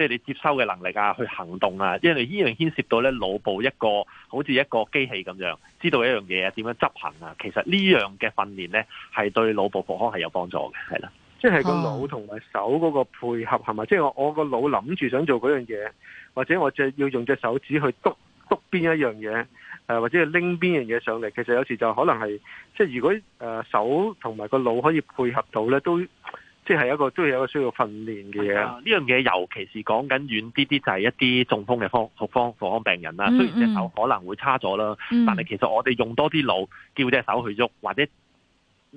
即係你接收嘅能力啊，去行動啊，因為呢樣牽涉到咧腦部一個好似一個機器咁樣，知道一樣嘢啊，點樣執行啊。其實呢樣嘅訓練呢，係對腦部復康係有幫助嘅，係啦。即係個腦同埋手嗰個配合係咪？即係我我個腦諗住想做嗰樣嘢，或者我只要用隻手指去督督邊一樣嘢，誒，或者拎邊樣嘢上嚟。其實有時就可能係，即係如果誒手同埋個腦可以配合到呢，都。即係一個都要一個需要訓練嘅嘢，呢樣嘢尤其是講緊遠啲啲，就係一啲中風嘅方復復康病人啦、嗯嗯。雖然隻手可能會差咗啦、嗯，但係其實我哋用多啲腦，叫隻手去喐，或者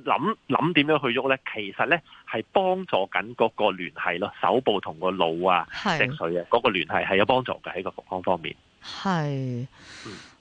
諗諗點樣去喐咧，其實咧係幫助緊嗰個聯繫咯，手部同個腦啊、脊髓啊嗰、嗰個聯繫係有幫助嘅喺個復康方面。係。嗯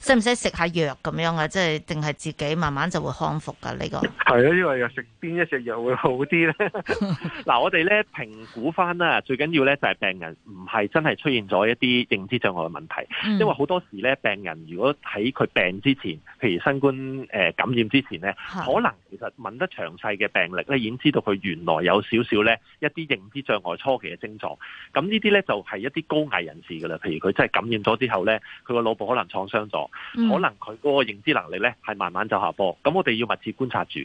使唔使食下藥咁樣啊？即係定係自己慢慢就會康復噶？呢個係咯，因為又食邊一隻藥會好啲咧。嗱， 我哋咧評估翻啦，最緊要咧就係病人唔係真係出現咗一啲認知障礙嘅問題，嗯、因為好多時咧病人如果喺佢病之前，譬如新冠誒感染之前咧， 可能其實問得詳細嘅病歷咧，已經知道佢原來有少少咧一啲認知障礙初期嘅症狀。咁呢啲咧就係一啲高危人士噶啦。譬如佢真係感染咗之後咧，佢個腦部可能。傷、嗯、咗，可能佢嗰個認知能力咧係慢慢走下坡，咁我哋要密切觀察住。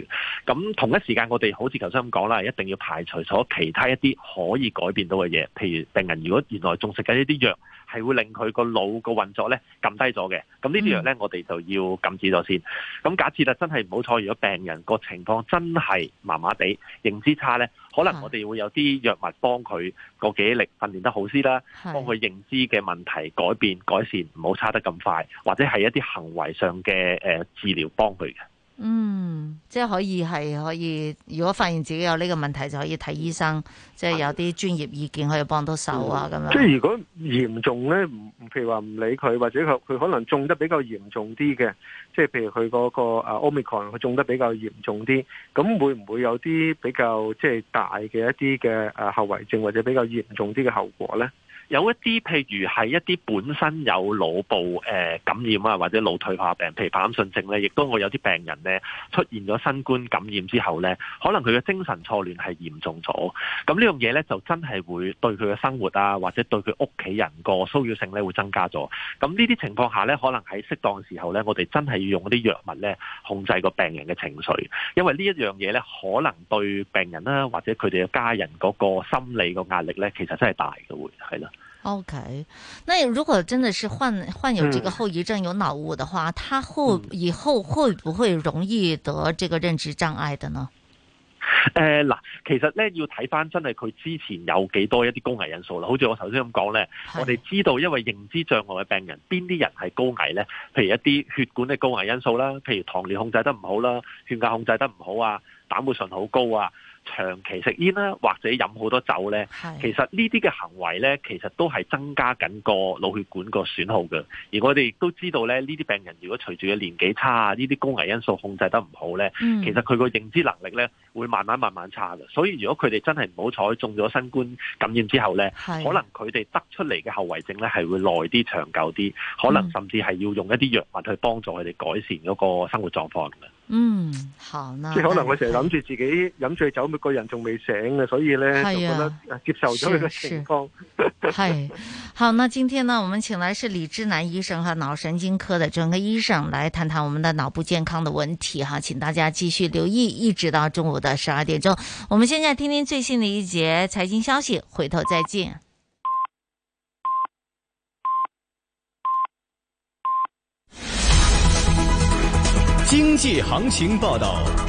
咁同一時間，我哋好似頭先咁講啦，一定要排除咗其他一啲可以改變到嘅嘢。譬如病人如果原來仲食緊一啲藥，係會令佢個腦個運作咧撳低咗嘅，咁呢啲藥咧我哋就要禁止咗先。咁假設啦，真係唔好彩，如果病人個情況真係麻麻地，認知差咧。可能我哋會有啲藥物幫佢個記憶力訓練得好啲啦，幫佢認知嘅問題改變改善，唔好差得咁快，或者係一啲行為上嘅誒治療幫佢嘅。嗯，即係可以係可以，如果發現自己有呢個問題，就可以睇醫生，即係有啲專業意見可以幫到手啊咁、嗯、樣。即係如果嚴重咧，唔譬如話唔理佢，或者佢佢可能中得比較嚴重啲嘅，即係譬如佢嗰個啊 Omicron 佢中得比較嚴重啲，咁會唔會有啲比較即係、就是、大嘅一啲嘅後遺症或者比較嚴重啲嘅後果咧？有一啲譬如係一啲本身有腦部誒感染啊，或者腦退化病，譬如帕金遜症咧，亦都會有啲病人咧出現咗新冠感染之後咧，可能佢嘅精神錯亂係嚴重咗。咁呢樣嘢咧就真係會對佢嘅生活啊，或者對佢屋企人個騷擾性咧會增加咗。咁呢啲情況下咧，可能喺適當嘅時候咧，我哋真係要用嗰啲藥物咧控制個病人嘅情緒，因為呢一樣嘢咧可能對病人啦，或者佢哋嘅家人嗰個心理個壓力咧，其實真係大嘅會係啦。O、okay. K，如果真的是患患有這個後遺症、嗯、有腦霧的話，他後以後會不會容易得這個認知障礙的呢？誒、嗯、嗱，其實咧要睇翻真係佢之前有幾多一啲高危因素啦，好似我頭先咁講咧，我哋知道因為認知障礙嘅病人邊啲人係高危呢？譬如一啲血管嘅高危因素啦，譬如糖尿控制得唔好啦，血壓控制得唔好啊，膽固醇好高啊。長期食煙咧、啊，或者飲好多酒咧，其實呢啲嘅行為咧，其實都係增加緊個腦血管個損耗嘅。而我哋亦都知道咧，呢啲病人如果隨住嘅年紀差啊，呢啲高危因素控制得唔好咧、嗯，其實佢個認知能力咧會慢慢慢慢差嘅。所以如果佢哋真係唔好彩中咗新冠感染之後咧，可能佢哋得出嚟嘅後遺症咧係會耐啲、長久啲、嗯，可能甚至係要用一啲藥物去幫助佢哋改善嗰個生活狀況。嗯，好啦。即係可能佢成日諗住自己飲醉酒。個人仲未醒嘅，所以咧就覺得接受咗呢個情況。係 hey. 好，那今天呢，我們請來是李至南醫生，和腦神經科的專科醫生，來談談我們的腦部健康的問題，哈，請大家繼續留意，一直到中午的十二點鐘。我們現在聽聽最新的一節財經消息，回頭再見。經濟行情報道。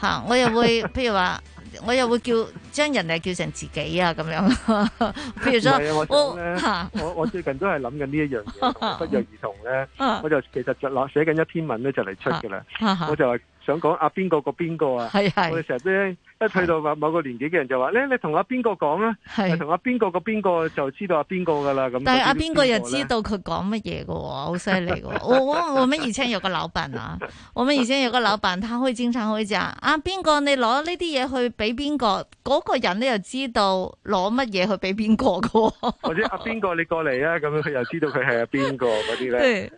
吓， 我又會譬如話，我又會叫將人哋叫成自己啊，咁樣。譬如咗， 我我，我，我最近都係諗緊呢一樣嘢， 不約而同咧， 我就其實就攞寫緊一篇文咧就嚟出㗎喇， 我就話。想講阿邊個個邊個啊？係係，我哋成日都一去到某個年紀嘅人就話咧，你同阿邊個講啦，你同阿邊個個邊個就知道阿邊個噶啦。咁但係阿邊個又知道佢講乜嘢噶喎？好犀利噶！我我我們以前有個老闆啊，我們以前有個老闆，啊， 他會經常會講阿邊個你攞呢啲嘢去俾邊個，嗰，那個人咧又知道攞乜嘢去俾邊個噶。或者阿邊個你過嚟啊？咁樣佢又知道佢係阿邊個嗰啲咧。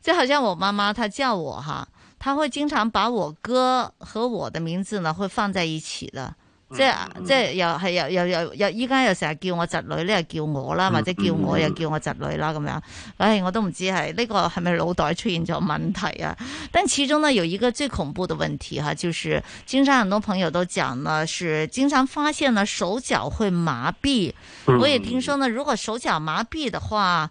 即 係，啊、好似我媽媽，她叫我哈。啊他會經常把我哥和我的名字呢，會放在一起的，即係即係又係又又又依家又成日叫我侄女，呢又叫我啦、嗯，或者叫我又叫我侄女啦咁樣，唉、哎，我都唔知係呢、這個係咪腦袋出現咗問題啊？但其中呢，有一個最恐怖嘅問題哈、啊，就是經常很多朋友都講呢，是經常發現呢手腳會麻痹，我也聽說呢，如果手腳麻痹的話。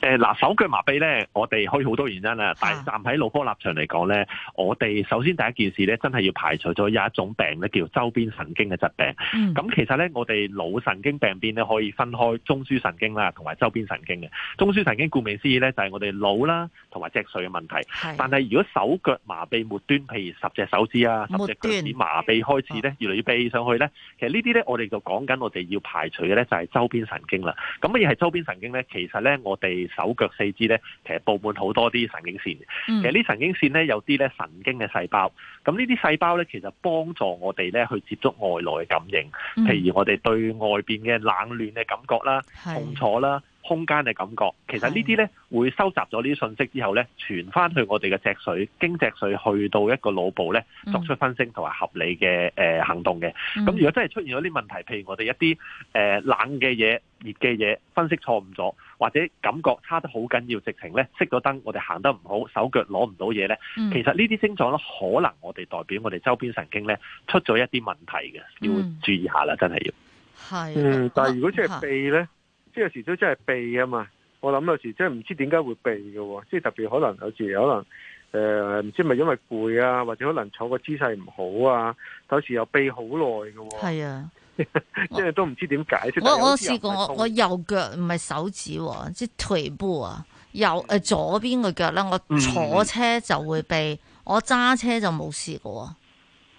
誒、呃，嗱，手腳麻痹咧，我哋可以好多原因啦。但係站喺腦科立場嚟講咧，我哋首先第一件事咧，真係要排除咗有一種病咧，叫周邊神經嘅疾病。咁、嗯、其實咧，我哋腦神經病變咧可以分開中樞神經啦，同埋周邊神經嘅。中樞神經顧名思義咧，就係我哋腦啦，同埋脊髓嘅問題。但係如果手腳麻痹末端，譬如十隻手指啊，十隻腳趾麻痹開始咧，越嚟越痹上去咧、啊，其實呢啲咧，我哋就講緊我哋要排除嘅咧，就係周邊神經啦。咁乜嘢係周邊神經咧？其實咧，我哋手腳四肢咧，其實布滿好多啲神經線。其實呢神經線咧，有啲咧神經嘅細胞。咁呢啲細胞咧，其實幫助我哋咧去接觸外來嘅感應。譬如我哋對外邊嘅冷暖嘅感覺啦、痛楚啦、空間嘅感覺，感覺其實呢啲咧會收集咗呢啲信息之後咧，傳翻去我哋嘅脊髓，經脊髓去到一個腦部咧，作出分析同埋合理嘅誒行動嘅。咁如果真係出現咗啲問題，譬如我哋一啲誒冷嘅嘢、熱嘅嘢，分析錯誤咗。或者感覺差得好緊要，直情咧熄咗燈，我哋行得唔好，手腳攞唔到嘢咧、嗯。其實這些星座呢啲症狀咧，可能我哋代表我哋周邊神經咧出咗一啲問題嘅、嗯，要注意下啦，真係要。係、嗯嗯嗯。嗯，但係如果即係避咧、嗯，即係有時都真係避啊嘛。我諗有時即係唔知點解會避嘅喎、啊，即、就、係、是、特別可能有時有可能誒唔、呃、知咪因為攰啊，或者可能坐個姿勢唔好啊，有時又避好耐嘅喎。啊。即 係都唔知點解，我好像，好像我試過我我右腳唔係手指，即係腿部啊，右誒、呃、左邊個腳咧，我坐車就會痹、嗯、我揸車就冇試過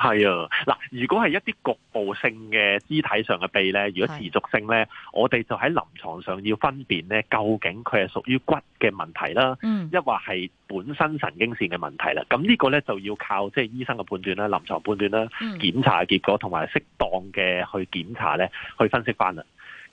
係啊，嗱，如果係一啲局部性嘅肢體上嘅痹咧，如果持續性咧，我哋就喺臨床上要分辨咧，究竟佢係屬於骨嘅問題啦，抑或係本身神經線嘅問題啦。咁呢個咧就要靠即係醫生嘅判斷啦，臨床判斷啦，檢、嗯、查嘅結果同埋適當嘅去檢查咧，去分析翻啦。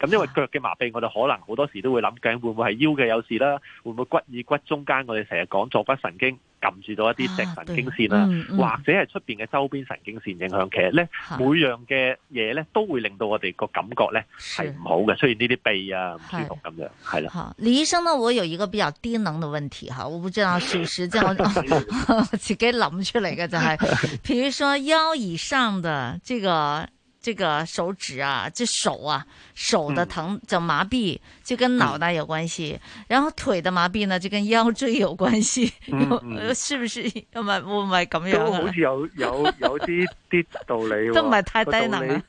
咁、嗯、因為腳嘅麻痹，我哋可能好多時都會諗緊，會唔會係腰嘅有事啦？會唔會骨與骨中間我哋成日講坐骨神經撳住到一啲脊神經線啦、啊嗯嗯？或者係出邊嘅周邊神經線影響？其實咧，每樣嘅嘢咧，都會令到我哋個感覺咧係唔好嘅，出現呢啲痹呀唔舒服咁樣，係啦。李醫生呢，我有一個比較低能嘅問題我唔知道係咪係我、 啊、自己諗出嚟嘅，就係、是，譬如說腰以上的這個這個手指啊，這手啊，手的疼，就麻痹，就跟腦袋有關係。嗯、然後腿的麻痹呢，就跟腰椎有關係。嗯嗯、是不是適宜，唔係會唔會咁樣、啊、都好似有有有啲啲道、哦、 道理。 都唔係太低能。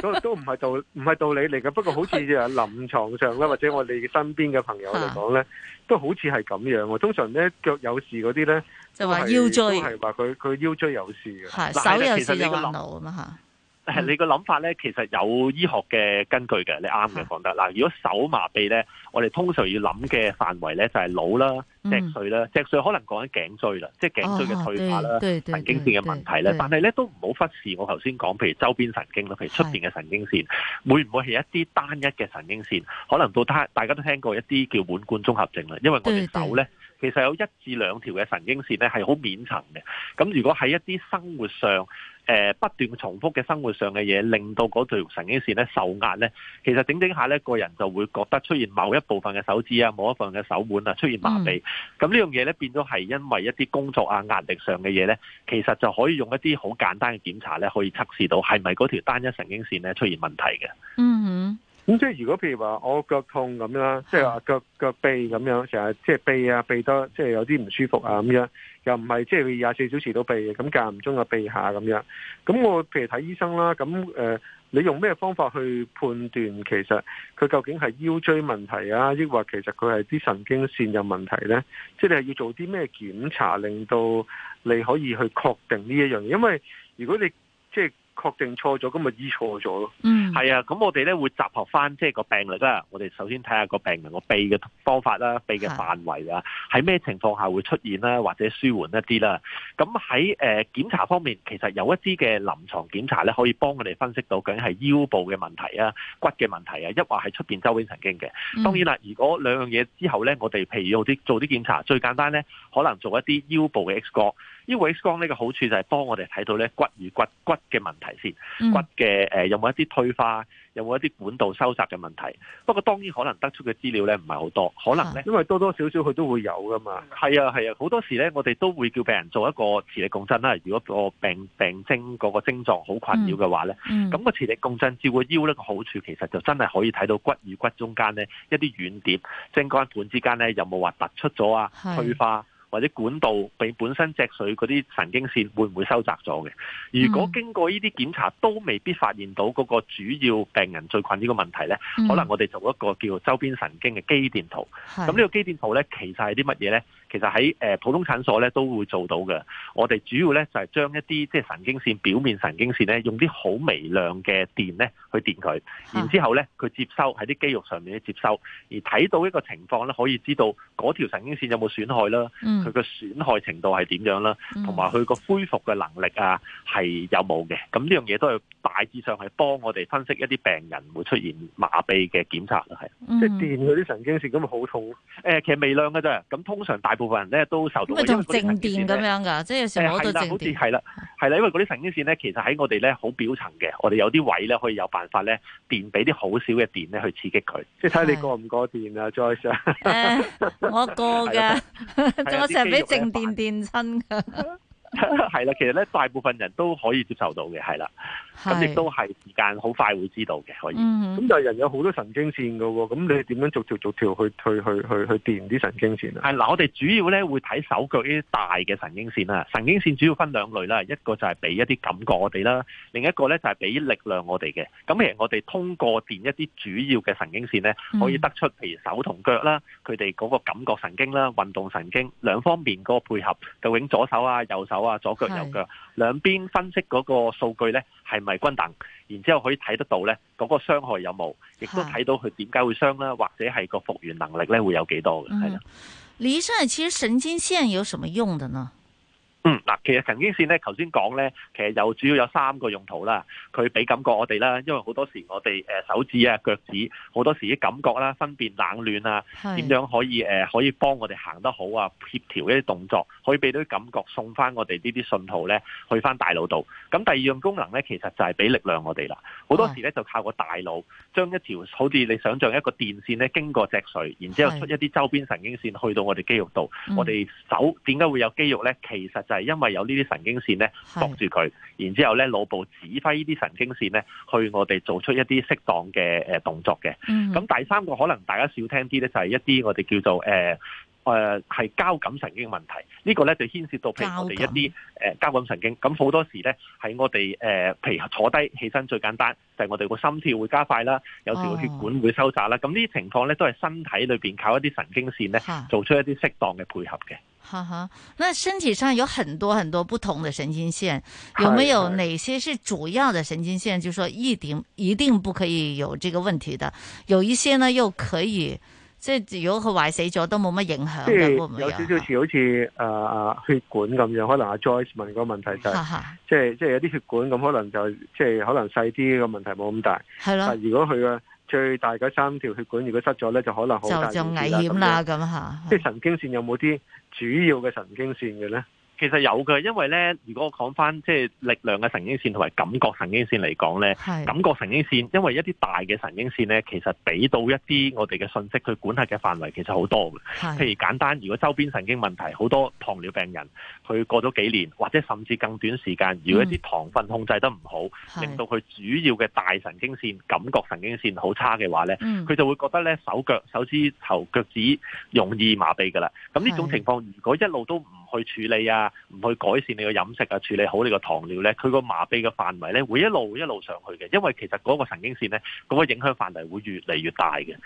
都都唔係道唔係道理嚟嘅，不過好似臨床上啦， 或者我哋身邊嘅朋友嚟講咧，都好似係咁樣啊、哦。通常咧腳有事嗰啲咧，就話腰椎係話佢佢腰椎有事嘅。係手有事就話腦咁啊吓。係、嗯、你個諗法咧，其實有醫學嘅根據嘅，你啱嘅講得。嗱，如果手麻痹咧，我哋通常要諗嘅範圍咧就係腦啦、脊髓啦、脊髓可能講緊頸椎啦，即係頸椎嘅退化啦、哦、神經線嘅問題咧。但係咧都唔好忽視我頭先講，譬如周邊神經啦，譬如出邊嘅神經線，會唔會係一啲單一嘅神經線？可能到大家都聽過一啲叫腕管綜合症啦，因為我哋手咧。其實有一至兩條嘅神經線咧係好扁層嘅，咁如果喺一啲生活上，誒、呃、不斷重複嘅生活上嘅嘢，令到嗰條神經線咧受壓咧，其實整整下咧個人就會覺得出現某一部分嘅手指啊，某一部分嘅手腕啊出現麻痹，咁、嗯、呢樣嘢咧變咗係因為一啲工作啊壓力上嘅嘢咧，其實就可以用一啲好簡單嘅檢查咧，可以測試到係咪嗰條單一神經線咧出現問題嘅。嗯哼。咁即係如果譬如話我腳痛咁樣即係話腳腳痹咁樣，成日即係痹啊痹得即係有啲唔舒服啊咁樣，又唔係即係佢廿四小時都痹嘅，咁間唔中啊痹下咁樣。咁我譬如睇醫生啦，咁誒、呃，你用咩方法去判斷其實佢究竟係腰椎問題啊，抑或其實佢係啲神經綫有問題咧？即係你係要做啲咩檢查令到你可以去確定呢一樣嘢？因為如果你即係。確定錯咗，咁咪醫錯咗咯。嗯，係啊，咁我哋咧會集合翻即係個病例啦。我哋首先睇下個病人、個鼻嘅方法啦，鼻嘅範圍啦，喺咩情況下會出現啦，或者舒緩一啲啦。咁喺誒檢查方面，其實有一啲嘅臨床檢查咧，可以幫佢哋分析到究竟係腰部嘅問題啊，骨嘅問題啊，抑或係出邊周邊神經嘅、嗯。當然啦，如果兩樣嘢之後咧，我哋譬如用啲做啲檢查，最簡單咧，可能做一啲腰部嘅 X 光。腰 X 光呢個好處就係幫我哋睇到咧，骨與骨骨嘅問題先，骨嘅誒、呃、有冇一啲退化，有冇一啲管道收窄嘅問題。不過當然可能得出嘅資料咧唔係好多，可能咧因為多多少少佢都會有噶嘛。係啊係啊，好、啊、多時咧我哋都會叫病人做一個磁力共振啦。如果個病病徵嗰個症狀好困擾嘅話咧，咁、嗯嗰個磁力共振照個腰呢個好處其實就真係可以睇到骨與骨中間咧一啲軟碟、精肝管之間咧有冇話突出咗啊、退化。或者管道被本身脊髓嗰啲神經線會唔會收窄咗嘅？如果經過呢啲檢查都未必發現到嗰個主要病人最困擾呢個問題咧，可能我哋做一個叫周邊神經嘅肌電圖。咁呢個肌電圖咧，其實係啲乜嘢咧？其實喺誒、呃、普通診所咧都會做到嘅。我哋主要咧就係、是、將一啲即係神經線表面神經線咧，用啲好微量嘅電咧去電佢，然之後咧佢接收喺啲肌肉上面嘅接收，而睇到一個情況咧，可以知道嗰條神經線有冇損害啦，佢個損害程度係點樣啦，同埋佢個恢復嘅能力啊係有冇嘅。咁呢樣嘢都係大致上係幫我哋分析一啲病人會出現麻痹嘅檢查啦，係。即係電佢啲神經線咁咪好痛？誒、呃，其實微量嘅啫。咁通常大部分人咧都受到的，因為就靜電咁樣噶，即係有時攞到靜電。係、欸、啦，係啦，因為嗰啲神經線咧，其實喺我哋咧好表層嘅，我哋有啲位咧可以有辦法咧，電俾啲好少嘅電咧去刺激佢。即係睇下你過唔過電啊？再上、 欸，我過㗎，仲有成日俾靜電電親㗎。係 啦，其實咧大部分人都可以接受到嘅。係啦，咁亦都係時間好快會知道嘅，可以。咁、嗯、就人有好多神經線噶喎，咁你點樣逐條逐條去去去去，去電啲神經線啊？係嗱，我哋主要咧會睇手腳呢啲大嘅神經線啦。神經線主要分兩類啦，一個就係俾一啲感覺我哋啦，另一個咧就係俾力量我哋嘅。咁其實我哋通過電一啲主要嘅神經線咧，可以得出譬、嗯、如手同腳啦，佢哋嗰個感覺神經啦、運動神經兩方面嗰個配合，究竟左手啊、右手、啊。我左腳右腳兩邊分析嗰個數據咧，係咪均等？然之後可以睇得到咧，嗰個傷害有冇？亦都睇到佢點解會傷咧，或者係個復原能力咧會有幾多嘅？係啦、嗯，李醫生，其實神經綫有什麼用的呢？嗯，嗱，其實神經線咧，頭先講咧，其實有主要有三個用途啦。佢俾感覺我哋啦，因為好多時我哋誒手指啊、腳趾，好多時啲感覺啦、分辨冷暖啊，點樣可以誒可以幫我哋行得好啊，協調一啲動作，可以俾到啲感覺送翻我哋呢啲信號咧，去翻大腦度。咁第二樣功能咧，其實就係俾力量我哋啦。好多時咧就靠個大腦將一條好似你想象一個電線咧，經過脊髓，然之後出一啲周邊神經線去到我哋肌肉度。我哋手點解會有肌肉咧？其實、就係就係、是、因為有呢啲神經線咧，駁住佢，然之後咧，腦部指揮呢啲神經線咧，去我哋做出一啲適當嘅誒動作嘅。咁、嗯、第三個可能大家少聽啲咧，就係一啲我哋叫做誒誒係交感神經嘅問題。呢、這個咧就牽涉到譬如我哋一啲誒交、呃、交感神經。咁好多時咧喺我哋誒，譬、呃、如坐低起身最簡單，就係、是、我哋個心跳會加快啦，有時個血管會收窄啦。咁呢啲情況咧都係身體裏邊靠一啲神經線咧做出一啲適當嘅配合嘅。哈哈，那身體上有很多很多不同的神經線，有沒有哪些是主要的神經線？是就是、說一定是一定不可以有這個問題的，有一些呢是又可以，即係如果佢壞死咗都冇乜影響嘅，有少少似好似誒誒血管咁樣，可能阿 Joyce 問個問題就係、是，即係即係有啲血管咁可能就即係、就是、可能細啲嘅問題冇咁大，係咯。但如果佢嘅。最大嗰三條血管如果塞咗咧，就可能好大就危險啦。咁吓，即係神經線有冇啲主要嘅神經線嘅咧？其實有嘅，因為咧，如果講翻即係力量嘅神經線同埋感覺神經線嚟講咧，感覺神經線，因為一啲大嘅神經線咧，其實俾到一啲我哋嘅信息，佢管轄嘅範圍其實好多。譬如簡單，如果周邊神經問題，好多糖尿病人，佢過咗幾年，或者甚至更短時間，如果一啲糖分控制得唔好、嗯，令到佢主要嘅大神經線、感覺神經線好差嘅話咧，佢、嗯、就會覺得咧手腳、手指頭、腳趾容易麻痹噶啦。咁呢種情況，如果一路都唔去處理啊，唔去改善你個飲食啊，處理好你個糖尿咧，佢個麻痹嘅範圍咧會一路一路上去嘅，因為其實嗰個神經線咧，嗰、嗰個影響範圍會越嚟越大嘅。咁、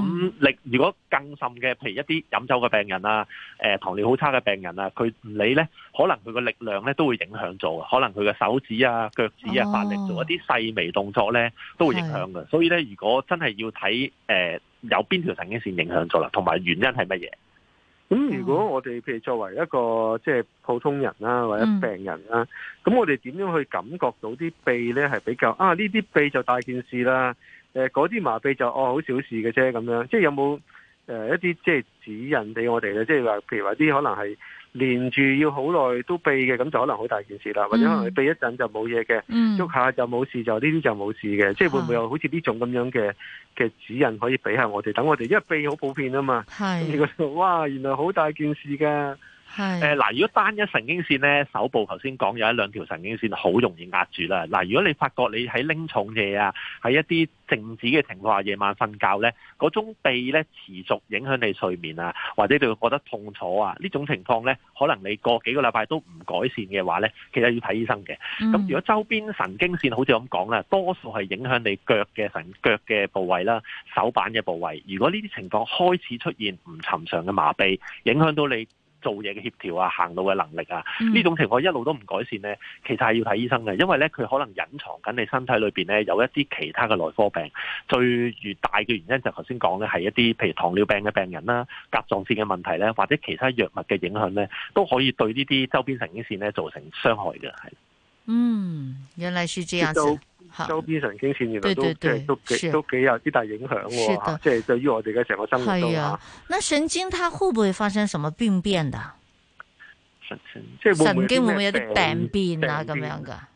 嗯、你如果更甚嘅，譬如一啲飲酒嘅病人啊，呃、糖尿好差嘅病人啊，佢唔理咧，可能佢個力量咧都會影響咗，可能佢個手指啊、腳趾啊、哦、發力做一啲細微動作咧都會影響嘅。所以咧，如果真係要睇誒、呃、有邊條神經線影響咗啦，同埋原因係乜嘢？咁、嗯、如果我哋譬如作為一個即係普通人啦，或者病人啦，咁、嗯、我哋點樣去感覺到啲痺咧？係比較，啊，呢啲痺就大件事啦，誒，嗰啲麻痹就哦好小事嘅啫咁樣，即係有冇誒、呃、一啲即係指引俾我哋咧？即係話譬如話啲可能係。連住要好耐都痹嘅，咁就可能好大件事啦，或者可能你痹一陣就冇嘢嘅，喐、嗯嗯、下就冇事就呢啲就冇事嘅，即係會唔會有好似呢種咁樣嘅嘅、啊、指引可以俾下我哋，等我哋，因為痹好普遍啊嘛，咁哇，原來好大件事噶。誒，嗱、呃，如果單一神經線咧，手部頭先講有一兩條神經線，好容易壓住啦。嗱、呃，如果你發覺你喺拎重嘢啊，喺一啲靜止嘅情況下，夜晚瞓覺咧，嗰種痹咧持續影響你睡眠啊，或者你會覺得痛楚啊，呢種情況咧，可能你過幾個禮拜都唔改善嘅話咧，其實要睇醫生嘅。咁、嗯、如果周邊神經線好似咁講啦，多數係影響你腳嘅神腳嘅部位啦，手板嘅部位。如果呢啲情況開始出現唔尋常嘅麻痹，影響到你。做嘢嘅協調啊，行路嘅能力啊，呢種情況一路都唔改善呢，其實係要睇醫生嘅，因為呢，佢可能隱藏緊你身體裏邊呢，有一啲其他嘅內科病，最越大嘅原因就頭先講呢係一啲譬如糖尿病嘅病人啦、甲狀腺嘅問題呢，或者其他藥物嘅影響呢，都可以對呢啲周邊神經線呢造成傷害嘅，係。嗯，原來是這樣。周邊神經線原來都，對對對，即係都幾都幾有啲大影響喎，即係對於我哋嘅成個生活都係啊。那神經它會不會發生什麼病變的？神經，即係會唔會有啲病，病變啊？咁樣噶？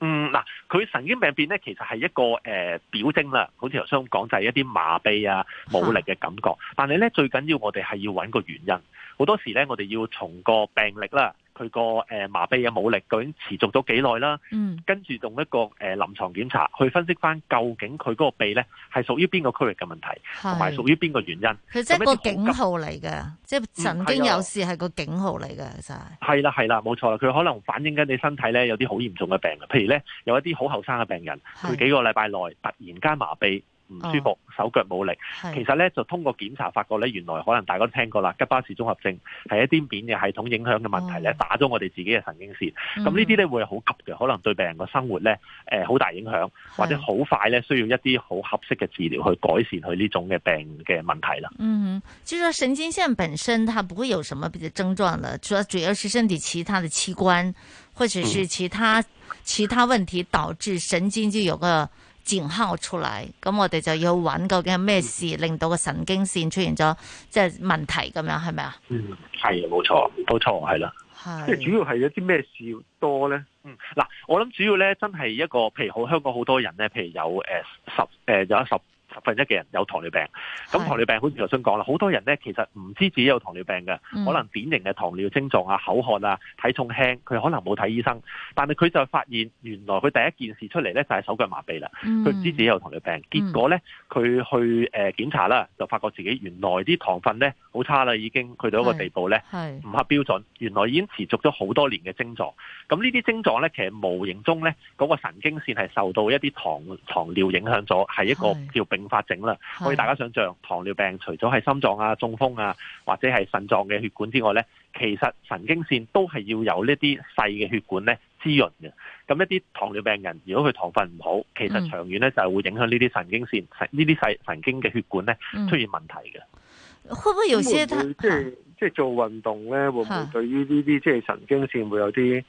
嗯，嗱，佢神經病變咧，其實係一個誒表徵啦，好似頭先講就係一啲麻痹啊、冇力嘅感覺。啊、但係咧，最緊要我哋係要揾個原因。好多時咧，我哋要從個病歷啦。佢個麻痹嘅武力究竟持續咗幾耐啦？嗯，跟住用一個誒、呃、臨床檢查去分析翻，究竟佢嗰個鼻咧係屬於邊個區域嘅問題，同埋屬於邊個原因？佢即係個警號嚟嘅，即係神經有事係個警號嚟嘅，就、嗯、係。係啦，係啦，冇錯啦，佢可能反映緊你身體咧有啲好嚴重嘅病，譬如咧有一啲好後生嘅病人，佢幾個禮拜內突然間麻痹。唔舒服，手腳冇力，哦，其實咧就通過檢查發覺咧，原來可能大家都聽過啦，吉巴氏綜合症係一啲免疫系統影響嘅問題咧，哦，打咗我哋自己嘅神經線。咁呢啲咧會好急嘅，可能對病人個生活咧誒好大影響，或者好快咧需要一啲好合適嘅治療去改善佢呢種嘅病嘅問題啦。嗯哼，就說神經線本身，它不會有什麼症狀呢，主要主要是身體其他的器官，或者是其他，嗯、其他問題導致神經就有個。自然敲我出嚟，咁我哋就要揾究竟係咩事令到個神經線出現咗即係問題咁樣，係咪啊？嗯，係冇錯，冇錯，係啦。係。即係主要係有啲咩事要多咧？嗯，嗱，我諗主要咧真係一個，譬如好香港好多人咧，譬如有誒十誒有一十。十分一嘅人有糖尿病，咁糖尿病好似頭先講啦，好多人咧其實唔知自己有糖尿病嘅、嗯，可能典型嘅糖尿症狀啊、口渴啊、體重輕，佢可能冇睇醫生，但係佢就發現原來佢第一件事出嚟咧就係手腳麻痹啦，佢、嗯、唔知自己有糖尿病，嗯、結果咧佢去誒檢查啦，就發覺自己原來啲糖分咧好差啦，已經去到一個地步咧唔合標準，原來已經持續咗好多年嘅症狀。咁呢啲症狀咧其實無形中咧嗰、嗰個神經線係受到一啲糖糖尿影響咗，係一個叫病。無法啦，可以大家想象，糖尿病除咗係心臟啊、中風啊，或者係腎臟嘅血管之外咧，其實神經線都係要有呢啲細嘅血管咧滋潤嘅。咁一啲糖尿病人如果佢糖分唔好，其實長遠咧就會影響呢啲神經線、呢啲細神經嘅血管咧出現問題嘅、嗯。會唔會有些即係即係做運動咧？會唔會對於呢啲即係神經線會有啲？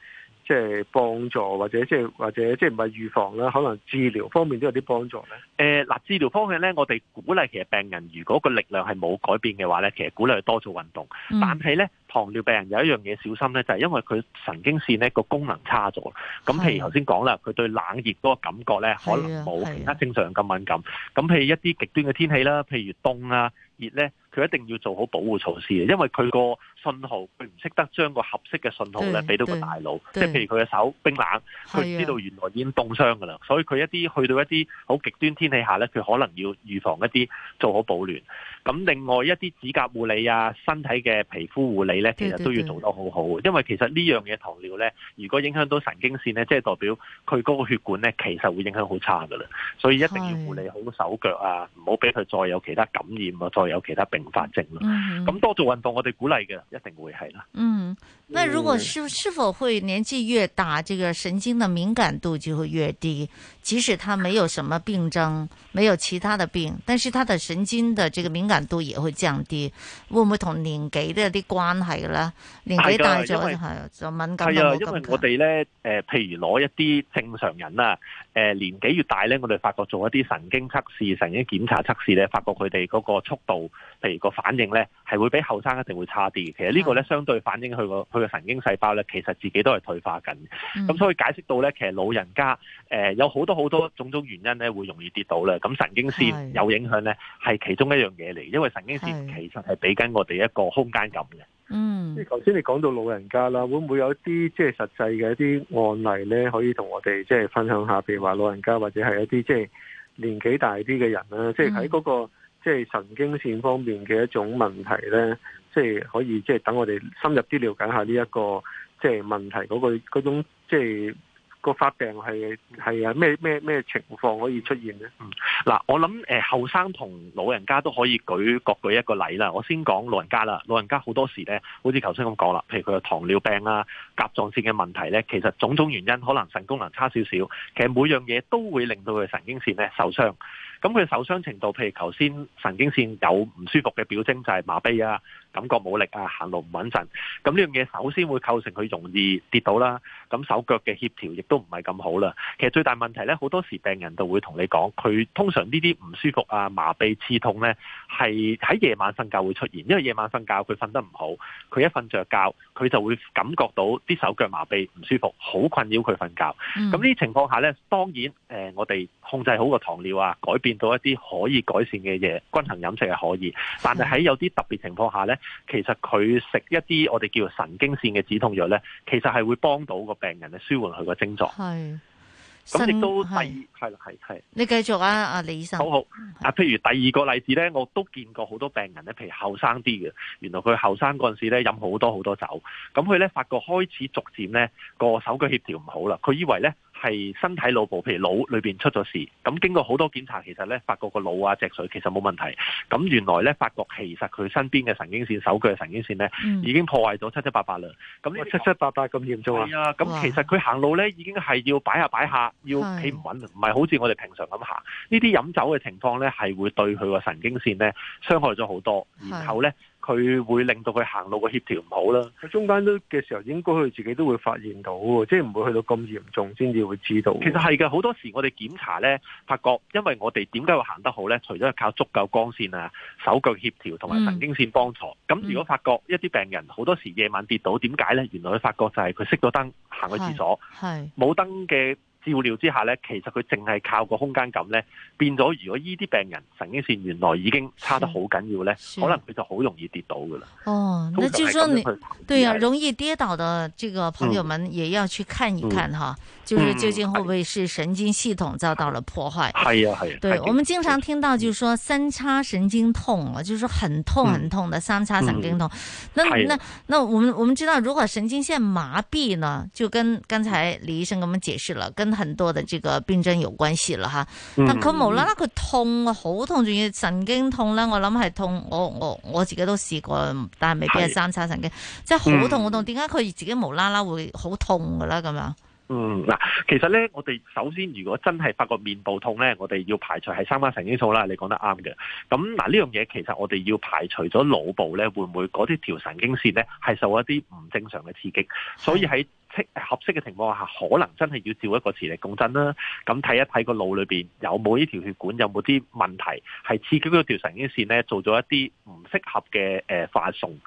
即、就、係、是、幫助，或者即係或者，或者即係唔係預防啦？可能治療方面都有啲幫助咧。誒、呃、嗱，治療方面咧，我哋鼓勵其實病人，如果個力量係冇改變嘅話咧，其實鼓勵佢多做運動。嗯、但係咧，糖尿病人有一樣嘢小心咧，就係、是、因為佢神經線呢個功能差咗。咁譬如頭先講啦，佢、啊、對冷熱嗰個感覺咧，可能冇其他正常咁敏感。咁、啊啊、譬如一啲極端嘅天氣啦，譬如凍啊熱咧。佢一定要做好保護措施嘅，因為佢個信號佢唔識得將個合適嘅信號咧俾到個大腦。即係譬如佢嘅手冰冷，佢唔知道原來已經凍傷㗎啦。所以佢一啲去到一啲好極端天氣下咧，佢可能要預防一啲做好保暖。咁另外一啲指甲護理啊、身體嘅皮膚護理咧，其實都要做得好好嘅，因為其實呢樣嘢糖尿咧，如果影響到神經線咧，即係代表佢嗰個血管咧其實會影響好差㗎啦。所以一定要護理好手腳啊，唔好俾佢再有其他感染啊，再有其他病。發症啦，咁多做運動，我哋鼓勵嘅，一定會係啦。嗯，那如果是是否會年紀越大，這個神經的敏感度就會越低？即使他沒有什麼病症，沒有其他的病，但是他的神經的這個敏感度也會降低，會唔會同年紀都有啲關係呢？年紀大咗就敏感係啊，因為我哋咧，誒、呃，譬如攞一啲正常人啦、啊，誒、呃，年紀越大咧，我哋發覺做一啲神經測試、神經檢查測試咧，發覺佢哋嗰個速度，譬如個反應咧，係會比後生一定會差啲。其實這個呢個咧相對反映佢個佢嘅神經細胞咧，其實自己都係退化緊，咁、嗯、所以解釋到咧，其實老人家誒、呃、有好多。好多種種原因咧，會容易跌倒咧。咁神經線有影響咧，係其中一樣嘢嚟。因為神經線其實係俾緊我哋一個空間感嘅。嗯，即係頭先你講到老人家啦，會唔會有一啲即係實際嘅一啲案例咧，可以同我哋即係分享下？譬如話老人家或者係一啲即係年紀大啲嘅人咧，即係喺嗰個即係神經線方面嘅一種問題咧，即係可以即係等我哋深入啲了解下呢一個即係問題嗰個嗰種即係。那個發病係係啊咩咩咩情況可以出現呢？嗯，嗱，我諗誒後生同老人家都可以舉各舉一個例啦。我先講老人家啦，老人家好多時咧，好似頭先咁講啦，譬如佢有糖尿病啊、甲狀腺嘅問題咧，其實種種原因可能腎功能差少少，其實每樣嘢都會令到佢神經線咧受傷。咁佢受傷程度，譬如頭先神經線有唔舒服嘅表徵，就係麻痹啊。感覺冇力啊，行路唔穩陣。咁呢樣嘢首先會構成佢容易跌倒啦。咁手腳嘅協調亦都唔係咁好啦。其實最大問題呢，好多時病人就會同你講，佢通常呢啲唔舒服啊、麻痺、刺痛呢，係喺夜晚瞓覺會出現，因為夜晚瞓覺佢瞓得唔好，佢一瞓着覺佢就會感覺到啲手腳麻痺唔舒服，好困擾佢瞓覺。咁呢啲情況下呢，當然誒、呃，我哋控制好個糖尿啊，改變到一啲可以改善嘅嘢，均衡飲食係可以。但係喺有啲特別情況下呢。其實佢食一啲我哋叫神經綫嘅止痛藥咧，其實係會幫到個病人咧舒緩佢個症狀。係，咁亦都係係咯係係。你繼續啊，阿李醫生。好好，啊，譬如第二個例子咧，我都見過好多病人咧，譬如後生啲嘅，原來佢後生嗰陣時咧飲好多好多酒，咁佢咧發覺開始逐漸咧個手腳協調唔好啦，佢以為咧。係身體腦部，譬如腦裏邊出咗事，咁經過好多檢查，其實咧發覺個腦啊脊髓、其實冇問題，咁原來咧發覺其實佢身邊嘅神經綫、手腳嘅神經綫咧，已經破壞咗七七八八啦。咁、嗯、呢、哦、七七八八咁嚴重啊？啊，咁其實佢行路咧已經係要擺下擺下，要企唔穩，唔係好似我哋平常咁行。呢啲飲酒嘅情況咧，係會對佢個神經綫咧傷害咗好多，然後咧。佢會令到佢行路個協調唔好啦，佢中間都嘅時候應該佢自己都會發現到，即係唔會去到咁嚴重先至會知道。其實係㗎，好多時我哋檢查呢，發覺因為我哋點解會行得好呢？除咗係靠足夠光線啊、手腳協調同埋神經線幫助。咁、嗯、如果發覺一啲病人好多時夜晚跌倒，點解呢？原來佢發覺就係佢熄咗燈行去廁所，冇燈嘅。照料之下呢，其實佢淨係靠個空間感呢變咗。如果呢啲病人神經線原來已經差得好緊要呢，可能佢就好容易跌倒㗎喇。哦，那就是說你是對啊，容易跌倒的這個朋友們也要去看一看哈、嗯，就是究竟會不會是神經系統遭到了破壞？係啊係。對，我們經常聽到就是說三叉神經痛啊，就是很痛很痛的三叉神經痛。那、嗯、那、嗯、那，那那我們我們知道如果神經線麻痹呢，就跟剛才李醫生給我們解釋了，跟。很多的這個病症有關係啦，哈，但佢無啦啦佢痛啊，好痛，仲要神經痛咧。我諗係痛，我我我自己都試過，但係未必係三叉神經，是即係好痛好痛。點解佢自己無啦啦會好痛噶咧咁樣？嗯，嗱，嗯，其實咧，我哋首先如果真係發覺面部痛咧，我哋要排除係三叉神經素啦。你講得啱嘅。咁嗱，呢樣嘢其實我哋要排除咗腦部咧，會唔會嗰啲條神經線咧係受一啲唔正常嘅刺激？所以喺合適嘅情況下，可能真係要照一個磁力共振啦。咁睇一睇個腦裏邊有冇呢條血管，有冇啲問題，係刺激到條神經線呢，做咗一啲唔適合嘅誒發送。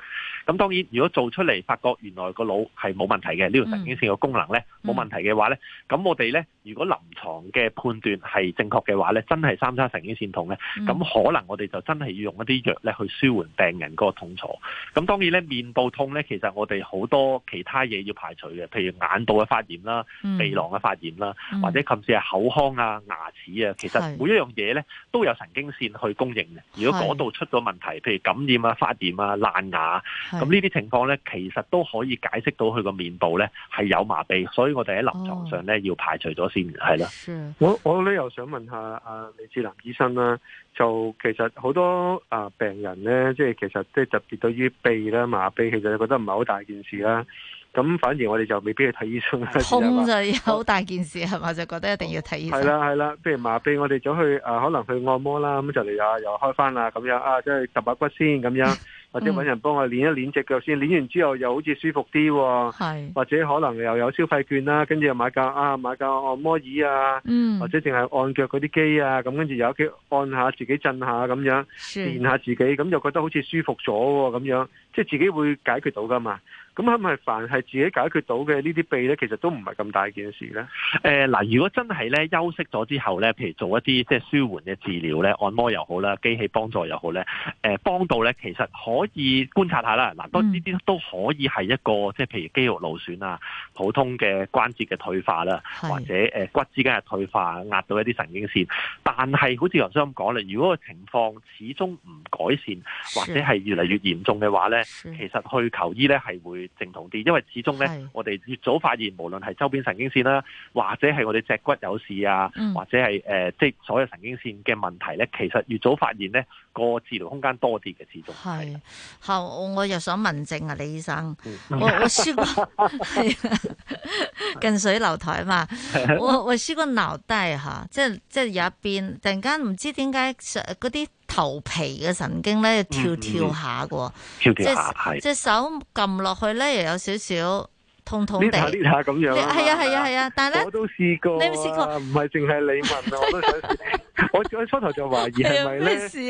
咁當然，如果做出嚟發覺原來個腦係冇問題嘅，呢條神經線嘅功能咧冇問題嘅話咧，咁、嗯嗯、我哋咧如果臨床嘅判斷係正確嘅話咧，真係三叉神經線痛咧，咁、嗯、可能我哋就真係要用一啲藥咧去舒緩病人嗰個痛楚。咁當然咧，面部痛咧其實我哋好多其他嘢要排除嘅，譬如眼部嘅發炎啦、鼻囊嘅發炎啦、嗯嗯，或者甚至係口腔啊、牙齒啊，其實每一樣嘢咧都有神經線去供應嘅。如果嗰度出咗問題，譬如感染啊、發炎啊、爛牙。咁呢啲情況咧，其實都可以解釋到佢個面部咧係有麻痹，所以我哋喺臨床上咧、哦、要排除咗先，係啦。我我咧又想問下阿李至南醫生啦、啊，就其實好多啊病人咧，即係其實即係特別對於痹啦麻痹，其實你覺得唔係好大件事啦、啊。咁反而我哋就未必去睇醫生。痛就好大件事係咪、啊？就覺得一定要睇醫生。係啦係啦，譬如麻痹，我哋走去可能去按摩啦，咁就嚟又又開翻啦，咁樣啊，即係揼下骨先咁樣。 或者揾人幫我捻一捻隻腳先，捻完之後又好似舒服啲、哦。喎，或者可能又有消費券啦、啊，跟住又買架啊買架按摩椅啊，嗯、或者淨係按腳嗰啲機啊，咁跟住又可以按下自己震下咁樣，練下自己，咁又覺得好似舒服咗咁、哦、樣，即係自己會解決到噶嘛。咁係咪凡係自己解決到嘅呢啲痹咧，其實都唔係咁大件事咧？誒、呃、嗱，如果真係咧休息咗之後咧，譬如做一啲即係舒緩嘅治療咧，按摩又好啦，機器幫助又好咧，誒、呃、幫到咧，其實可以觀察下啦。嗱，多啲啲都可以係一個即係、嗯、譬如肌肉勞損啊、普通嘅關節嘅退化啦，或者誒骨之間嘅退化壓到一啲神經線。但係好似頭先咁講啦，如果個情況始終唔改善，或者係越嚟越嚴重嘅話咧，其實去求醫咧係會。正同啲，因為始終咧，我哋越早發現，無論係周邊神經線啦，或者係我哋脊骨有事啊，或者係誒，即係所有神經線嘅問題咧，其實越早發現咧，個治療空間多啲嘅始終係。好，我又想問症啊，李醫生，我我輸過 近水樓台嘛，我我輸過腦低吓，即係即係入邊突然間唔知點解嗰啲。頭皮嘅神經咧跳跳下、嗯嗯、跳即係隻手撳落去咧又有少少痛痛地，捏下捏下咁樣，係啊係啊係啊，啊，但係咧我都試過、啊，你有冇試過、啊？唔係淨係你問啊，我都 我我初頭就懷疑係咪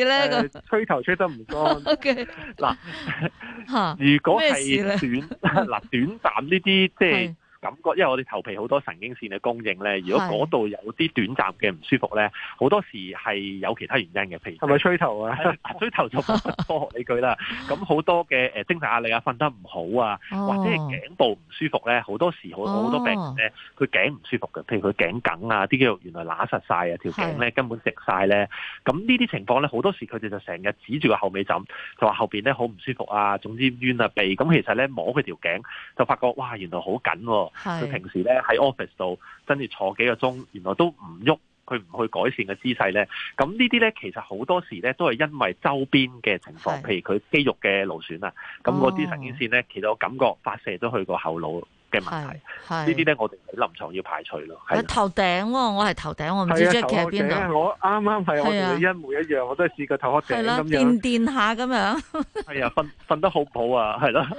咧吹頭吹得唔乾？嗱 Okay .， 如果係短嗱 短暫呢啲即係。感覺，因為我哋頭皮好多神經線嘅供應咧，如果嗰度有啲短暫嘅唔舒服咧，好多時係有其他原因嘅。譬如係咪吹頭啊？吹頭就科學理據啦。咁好多嘅誒精神壓力啊，瞓得唔好啊，或者係頸部唔舒服咧，好多時好好多病呢，佢頸唔舒服嘅，譬如佢頸梗啊，啲肌肉原來乸實晒啊，條頸咧根本直晒咧。咁呢啲情況咧，好多時佢哋就成日指住個後尾枕，就話後面咧好唔舒服啊，總之冤啊鼻。咁其實咧摸佢條頸，就發覺哇，原來好緊喎、啊。佢平時咧喺 office 度，跟住坐幾個鐘，原來都唔喐，佢唔去改善嘅姿勢咧。咁呢啲咧，其實好多時咧都係因為周邊嘅情況，譬如佢肌肉嘅勞損啊，咁嗰啲神經線咧，其實我感覺發射咗去個後腦嘅問題，呢啲咧我哋喺臨床要排除咯、啊啊啊。頭頂，我係頭頂，我唔知即係邊度。頭殼，我啱啱係同你一模一樣，我都試過頭殼頂咁樣、啊。電電下咁樣。係啊，瞓瞓得好唔好啊？係咯、啊，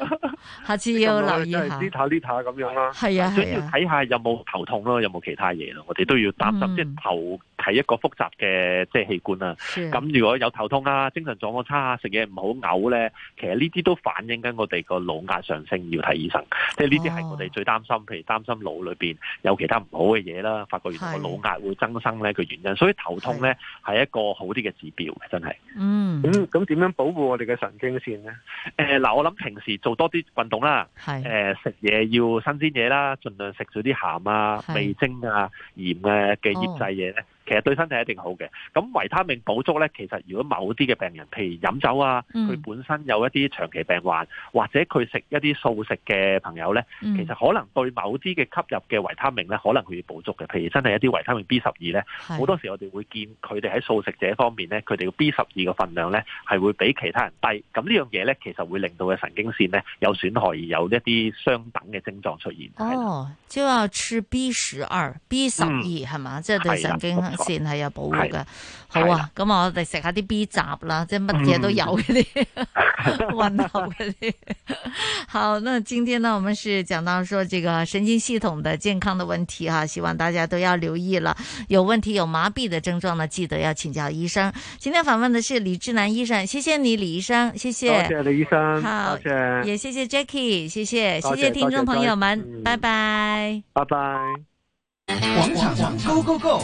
下次要留意下。l i 下 l i 下咁樣啦。係啊要睇、啊、下有冇頭痛咯、啊，有冇其他嘢咯？我哋都要擔心，嗯、即係頭。睇一個複雜嘅即係器官啊。咁如果有頭痛啊、精神狀況差啊、食嘢唔好嘔咧，其實呢啲都反映緊我哋個腦壓上升，要睇醫生。即係呢啲係我哋最擔心、哦，譬如擔心腦裏邊有其他唔好嘅嘢啦，發覺原來個腦壓會增生咧個原因。所以頭痛咧係一個好啲嘅指標嘅，真係。嗯，咁咁點樣保護我哋嘅神經線咧？誒，嗱，我諗平時做多啲運動啦，係誒食嘢要新鮮嘢啦，儘量食少啲鹹啊、味精啊、鹽啊嘅醃製嘢咧。其實對身體一定好嘅。咁維他命補足咧，其實如果某啲嘅病人，譬如飲酒啊，佢本身有一啲長期病患，嗯、或者佢食一啲素食嘅朋友咧、嗯，其實可能對某啲嘅吸入嘅維他命咧，可能佢要補足嘅。譬如真係一啲維他命 B 十二咧，好多時我哋會見佢哋喺素食者方面咧，佢哋嘅 B 十二嘅分量咧係會比其他人低。咁呢樣嘢咧，其實會令到嘅神經線咧有損害而有一啲相等嘅症狀出現。哦，即係話 B 十二、B 十二係嘛？即係對神經。線係有保護嘅。哎，好啊！咁，哎、我哋食下啲 B 雜啦，即係乜嘢都有啲， 好，那今天呢，我們是講到說這個神經系統的健康的問題哈，啊，希望大家都要留意了。有問題有麻痹的症狀呢，記得要請教醫生。今天訪問的是李至南醫生，謝謝你，李醫生，謝謝。多謝李醫生，好，多謝。也謝謝 Jackie 謝謝，謝，謝謝聽眾朋友們，嗯，拜拜，拜拜。廣場廣場。Go Go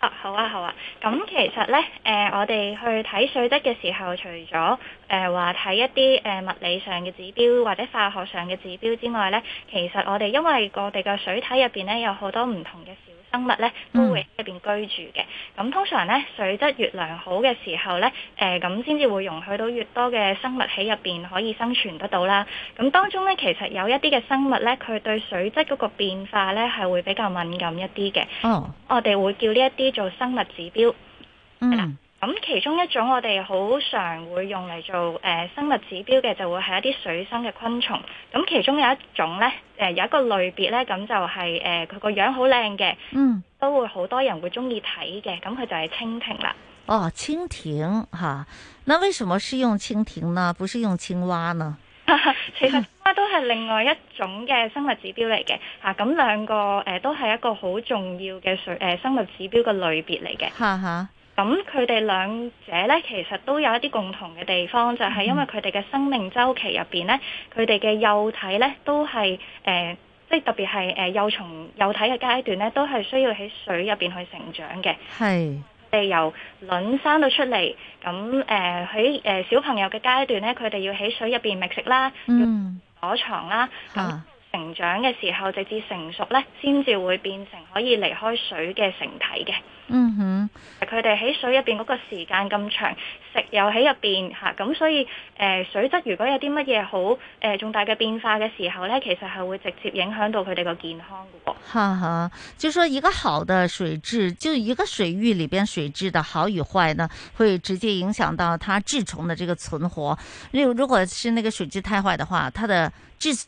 啊好啊好啊，咁、啊、其實呢，誒、呃、我哋去睇水質嘅時候，除咗誒話睇一啲誒物理上嘅指標或者化學上嘅指標之外呢，其實我哋因為我哋嘅水體入邊呢，有好多唔同嘅。生物咧都會喺入邊居住嘅，咁通常咧水質越良好嘅時候咧，誒咁先至會容許到越多嘅生物喺入邊可以生存得到啦。咁當中咧其實有一啲嘅生物咧，佢對水質嗰個變化咧係會比較敏感一啲嘅。哦、oh.，我哋會叫呢一啲做生物指標。嗯、mm.。咁其中一種我哋好常會用嚟做誒生物指標嘅，就會係一啲水生嘅昆蟲。咁其中有一種呢，誒有一個類別呢，咁就係誒佢個樣好靚嘅，嗯，都會好多人會鍾意睇嘅。咁佢就係蜻蜓啦。哦，蜻蜓嚇，那為什麼是用蜻蜓呢？不是用青蛙呢？ 其實青蛙都係另外一種嘅生物指標嚟嘅嚇。咁兩個誒都係一個好重要嘅水誒生物指標嘅類別嚟嘅。哈哈。咁佢哋兩者咧，其實都有一啲共同嘅地方，就係、是、因為佢哋嘅生命周期入面咧，佢哋嘅幼體咧都係、呃、即係特別係誒幼蟲、幼體嘅階段咧，都係需要喺水入面去成長嘅。係，佢哋由卵生到出嚟，咁佢喺小朋友嘅階段咧，佢哋要喺水入面覓食啦，嗯，躲藏啦，咁。成長嘅時候直至成熟咧，先至會變成可以離開水嘅成體嘅。嗯哼，佢哋喺水入邊嗰個時間咁長，食又喺入邊吓，咁所以誒、呃、水質如果有啲乜嘢好誒、呃、重大嘅變化嘅時候咧，其實係會直接影響到佢哋個健康噶。哈哈，就說一個好的水質，就一個水域裏邊水質的好與壞呢，會直接影響到它稚蟲的這個存活。如如果是那個水質太壞的話，它的稚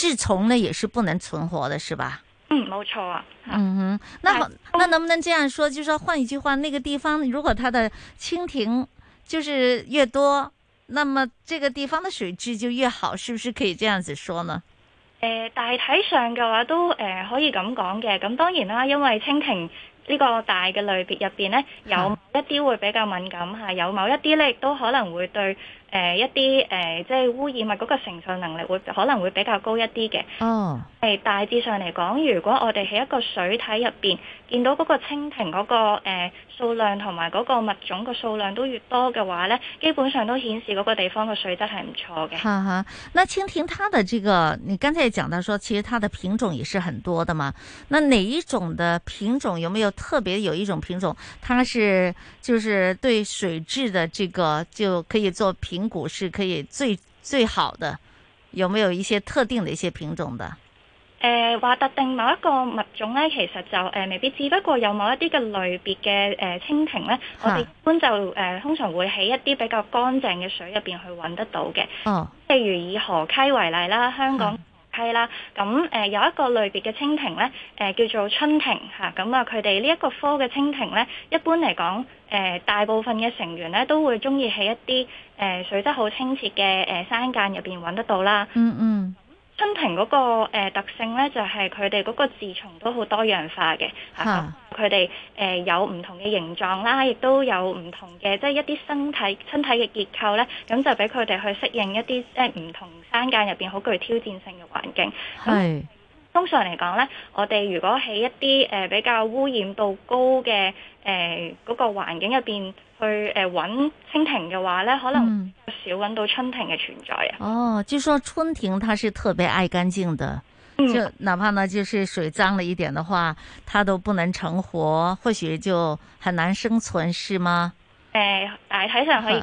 寄蟲呢也是不能存活的，是吧？嗯，冇錯啊。嗯哼，那那能不能這樣說？就是說換一句話，那個地方如果它的蜻蜓就是越多，那麼這個地方的水質就越好，是不是可以這樣子說呢？誒、呃，大體上嘅話都誒、呃、可以咁講嘅。咁當然啦，因為蜻蜓呢個大嘅類別入邊呢，有一啲會比較敏感，係有某一啲咧亦都可能會對。呃、一啲、呃、即係污染物嗰個承受能力會可能會比較高一啲嘅。哦、oh.，大致上嚟講，如果我哋喺一個水體入邊見到嗰個蜻蜓嗰個、呃、數量同埋嗰個物種個數量都越多嘅話咧，基本上都顯示嗰個地方嘅水質係唔錯嘅。哈哈、 嗯，那蜻蜓它的這個，你剛才講到說其實它的品種也是很多的嘛。那哪一種的品種，有沒有特別有一種品種，它是就是對水質的這個就可以做評？蟲谷是可以最最好的，有沒有一些特定的一些品種的？誒、呃，話特定某一個物種咧，其實就誒、呃、未必，只不過有某一啲嘅類別嘅誒蜻蜓咧，我哋一般就誒通常會喺一啲比較乾淨嘅水入邊去搵得到嘅。哦，例如以河溪為例啦，香港、嗯。係啦，咁誒有一個類別嘅蜻蜓咧，誒叫做春蜓吓，咁啊佢哋呢一個科嘅蜻蜓咧，一般嚟講，誒大部分嘅成員咧都會中意喺一啲誒水質好清澈嘅誒山澗入邊搵得到啦。嗯嗯。春蜓嗰、那個、呃、特性咧，就係佢哋嗰個稚蟲都好多元化嘅嚇。佢哋誒有唔同嘅形狀啦，亦都有唔同嘅即係一啲身體身體嘅結構咧，咁就俾佢哋去適應一啲即係唔同山澗入邊好具挑戰性嘅環境。係通常嚟講咧，我哋如果喺一啲誒、呃、比較污染度高嘅誒嗰個環境入邊。去誒搵蜻蜓嘅話咧，可能少搵到春蜓嘅存在啊、嗯。哦，就說春蜓它是特別愛乾淨的，嗯、就哪怕呢就是水髒了一點的話，它都不能成活，或許就很難生存，是嗎？誒、呃，係，係，可以。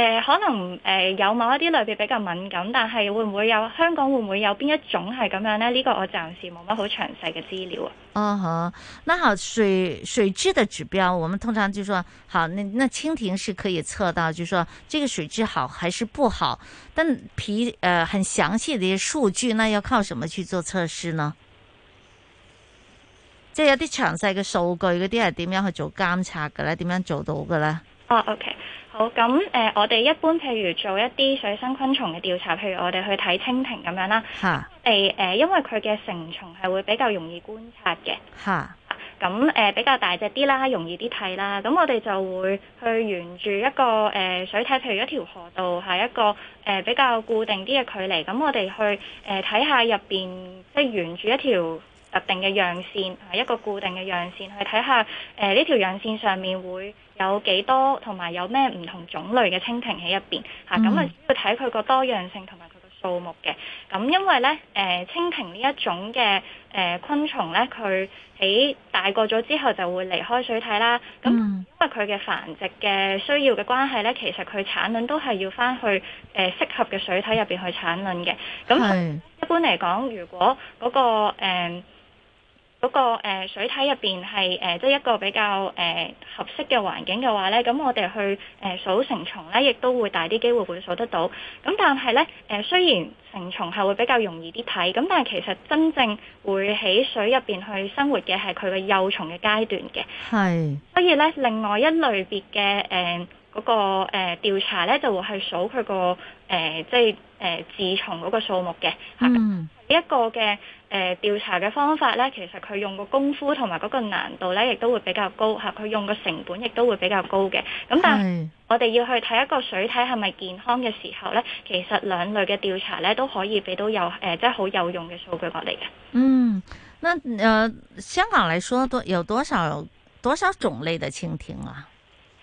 誒、呃，可能誒、呃、有某一啲類別比較敏感，但係會唔會有香港會唔會有邊一種係咁樣呢？呢、這個我暫時冇乜好詳細嘅資料啊。哦、uh -huh. 好，那好水水質嘅指標，我們通常就說好，那那蜻蜓是可以測到，就說這個水質好還是不好？但皮誒、呃、很詳細啲數據呢，那要靠什麼去做測試呢？即係有啲詳細嘅數據，嗰啲係點樣去做監測嘅咧？點樣做到嘅咧？哦、oh,，OK。好咁誒、呃，我哋一般譬如做一啲水生昆蟲嘅調查，譬如我哋去睇蜻蜓咁樣啦。嚇！誒、呃、誒，因為佢嘅成蟲係會比較容易觀察嘅。嚇！咁、呃、誒比較大隻啲啦，容易啲睇啦。咁我哋就會去沿住一個誒、呃、水體，譬如一條河道，係一個誒、呃、比較固定啲嘅距離。咁我哋去睇下入面，即係沿住一條特定嘅樣線，係一個固定嘅樣線去睇下誒呢條樣線上面會有幾多同埋有咩唔同種類嘅蜻蜓喺入邊嚇？咁、嗯、啊，要睇佢個多樣性同埋佢個數目嘅。咁因為呢，誒、呃、蜻蜓呢一種嘅誒昆蟲呢，佢喺大個咗之後就會離開水體啦。咁、嗯、因為佢嘅繁殖嘅需要嘅關係呢，其實佢產卵都係要翻去誒、呃、適合嘅水體入邊去產卵嘅。咁一般嚟講，如果嗰、那個、呃嗰個誒水體入邊係誒，即係一個比較誒合適嘅環境嘅話咧，咁我哋去誒數成蟲咧，亦都會大啲機會會數得到。咁但係咧誒，雖然成蟲係會比較容易啲睇，咁但係其實真正會喺水入邊去生活嘅係佢嘅幼蟲嘅階段嘅，係。所以咧，另外一類別嘅誒嗰個誒調查咧，就會去數佢個。誒、呃，即係誒、呃，自從嗰個數目嘅，嗯，一、這個嘅誒調查嘅方法咧，其實佢用個功夫同埋嗰個難度咧，亦都會比較高，吓佢用個成本亦都會比較高嘅。咁但係我哋要去睇一個水體係咪健康嘅時候咧，其實兩類嘅調查咧都可以俾到有誒、呃，即係好有用嘅數據落嚟嘅。嗯，那誒、呃、香港嚟說，多有多少有多少種類嘅蜻蜓啊？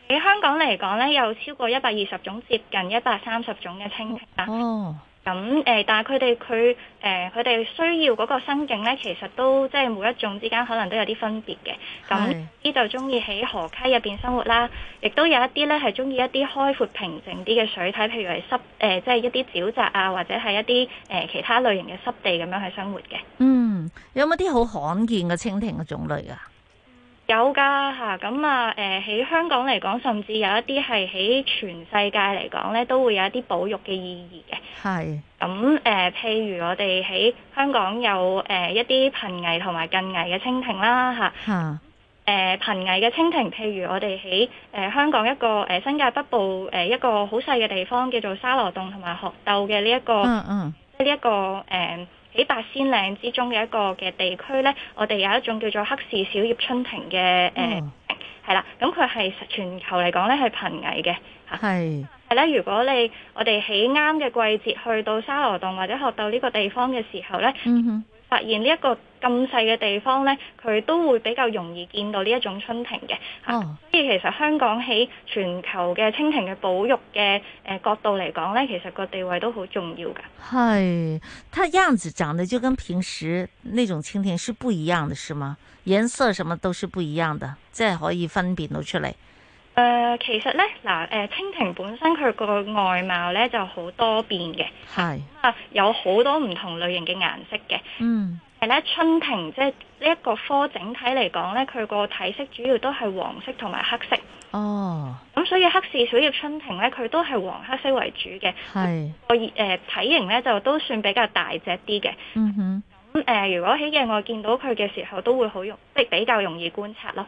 喺香港嚟講咧，有超過一百二十種，接近一百三十種嘅蜻蜓啦。哦，咁、哦、誒，但係佢哋佢誒，佢哋、呃、需要嗰個生境咧，其實都即係每一種之間可能都有啲分別嘅。咁呢就中意喺河溪入邊生活啦，亦都有一啲咧係中意一啲開闊平靜啲嘅水體，譬如係濕誒，即、呃、係、就是、一啲沼澤啊，或者係一啲誒、呃、其他類型嘅濕地咁樣去生活嘅。嗯，有冇啲好罕見嘅蜻蜓嘅種類啊？有噶嚇，咁啊誒喺、呃、香港嚟講，甚至有一啲係喺全世界嚟講咧，都會有一啲保育嘅意義嘅。係。咁誒、呃，譬如我哋喺香港有誒、呃、一啲瀕危同埋近危嘅蜻蜓啦嚇。嚇、啊。誒瀕危嘅蜻蜓，譬如我哋喺誒香港一個誒、呃、新界北部誒、呃、一個好細嘅地方，叫做沙羅洞同埋學鬥嘅呢一個。嗯、uh, 嗯、uh.。呢、這、一個誒。呃喺八仙嶺之中嘅一個嘅地區呢，我哋有一種叫做黑氏小葉春蜓嘅，誒係、哦、啦、嗯，咁佢係全球嚟講呢係瀕危嘅，吓，係係，如果你我哋起啱嘅季節去到沙羅洞或者鶴藪呢個地方嘅時候呢。嗯發現呢一個咁細嘅地方咧，佢都會比較容易見到呢一種蜻蜓嘅，所以其實香港喺全球嘅蜻蜓嘅保育嘅誒角度嚟講咧，其實個地位都好重要噶。係，它樣子長得就跟平時那種蜻蜓是不一樣的是嗎？顏色什麼都是不一樣的，即係可以分辨到出來。誒、呃，其實咧，嗱，誒，蜻蜓本身佢個外貌咧就好多變嘅，係啊，有好多唔同類型嘅顏色嘅，嗯，係咧，春蜓即係呢一個科整體嚟講咧，佢個體色主要都係黃色同埋黑色，哦，咁所以黑翅小葉春蜓咧，佢都係黃黑色為主嘅，係，所以誒體型咧就都算比較大隻啲嘅，嗯哼，咁誒、呃，如果喺野外見到佢嘅時候，都會好容易，即係比較容易觀察咯。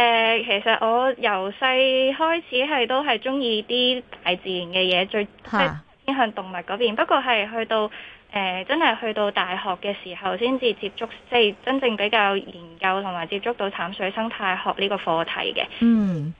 誒、呃，其實我由細開始係都係中意啲大自然嘅嘢，最偏向動物嗰邊。不過係去到誒、呃，真係去到大學嘅時候，先至接觸即係、就是、真正比較研究同埋接觸到淡水生態學呢個課題嘅。嗯，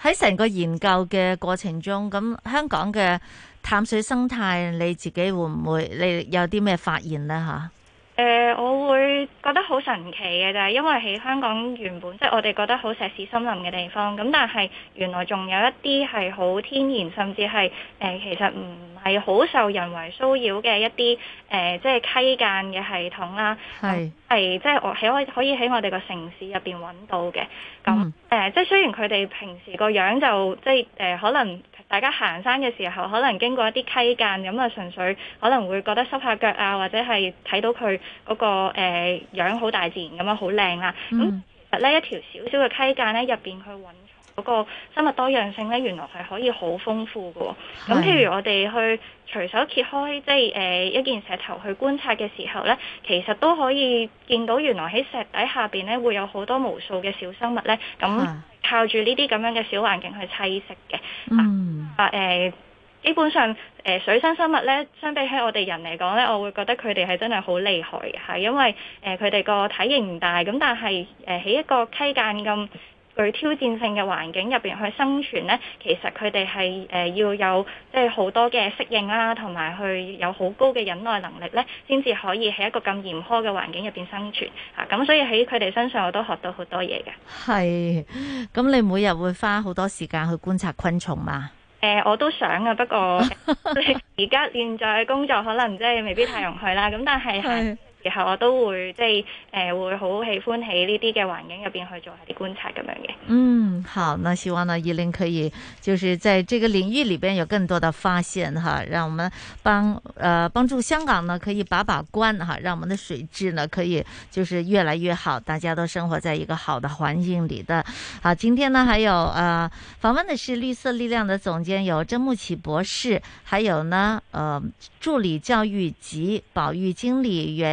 喺成個研究嘅過程中，咁香港嘅淡水生態，你自己會唔會你有啲咩發現呢？吓？誒、呃，我會覺得好神奇嘅就係，因為喺香港原本即係我哋覺得好石屎森林嘅地方，咁但係原來仲有一啲係好天然，甚至係誒、呃、其實唔係好受人為騷擾嘅一啲誒、呃，即係溪間嘅系統啦，係、啊、係即係我喺我可以喺我哋個城市入邊揾到嘅。咁誒、嗯呃，即係雖然佢哋平時個樣就即係誒、呃、可能。大家行山嘅時候，可能經過一啲溪澗，咁啊純粹可能會覺得濕下腳啊，或者係睇到佢嗰、嗰個誒、呃、樣好大自然咁樣好靚啦。咁、嗯、呢一條少少嘅溪澗咧入邊，面去。嗰、那個生物多樣性咧，原來係可以好豐富㗎、哦。咁譬如我哋去隨手揭開，即係誒一件石頭去觀察嘅時候咧，其實都可以見到原來喺石底下邊咧，會有好多無數嘅小生物咧。咁、嗯、靠住呢啲咁樣嘅小環境去棲息嘅。嚇、mm. 啊誒、呃，基本上誒、呃、水生生物咧，相比起我哋人嚟講咧，我會覺得佢哋係真係好厲害嘅係，因為誒佢哋個體型唔大，咁但係誒喺一個溪間咁。具挑戰性嘅環境入邊去生存呢，其實佢哋係誒要有即係好多嘅適應啦、啊，同埋去有好高嘅忍耐能力呢，先至可以喺一個咁嚴苛嘅環境入邊生存吓。咁、啊、所以喺佢哋身上我都學到好多嘢嘅。係，咁你每日會花好多時間去觀察昆蟲嘛？誒、呃，我都想啊，不過你而家 現在工作可能即係未必太容許啦。咁但係係。係。然後我都會，即係誒會好喜歡喺呢啲嘅環境入邊去做下啲觀察咁樣嘅。嗯，好，那希望呢欣鈴可以就是在這個領域裡邊有更多的發現哈，讓我們幫呃幫助香港呢可以把把關哈，讓我們的水質呢可以就是越來越好，大家都生活在一個好的環境裡的。好，今天呢還有呃訪問的是綠色力量的總監有鄭睦奇博士，還有呢呃助理教育及保育經理袁。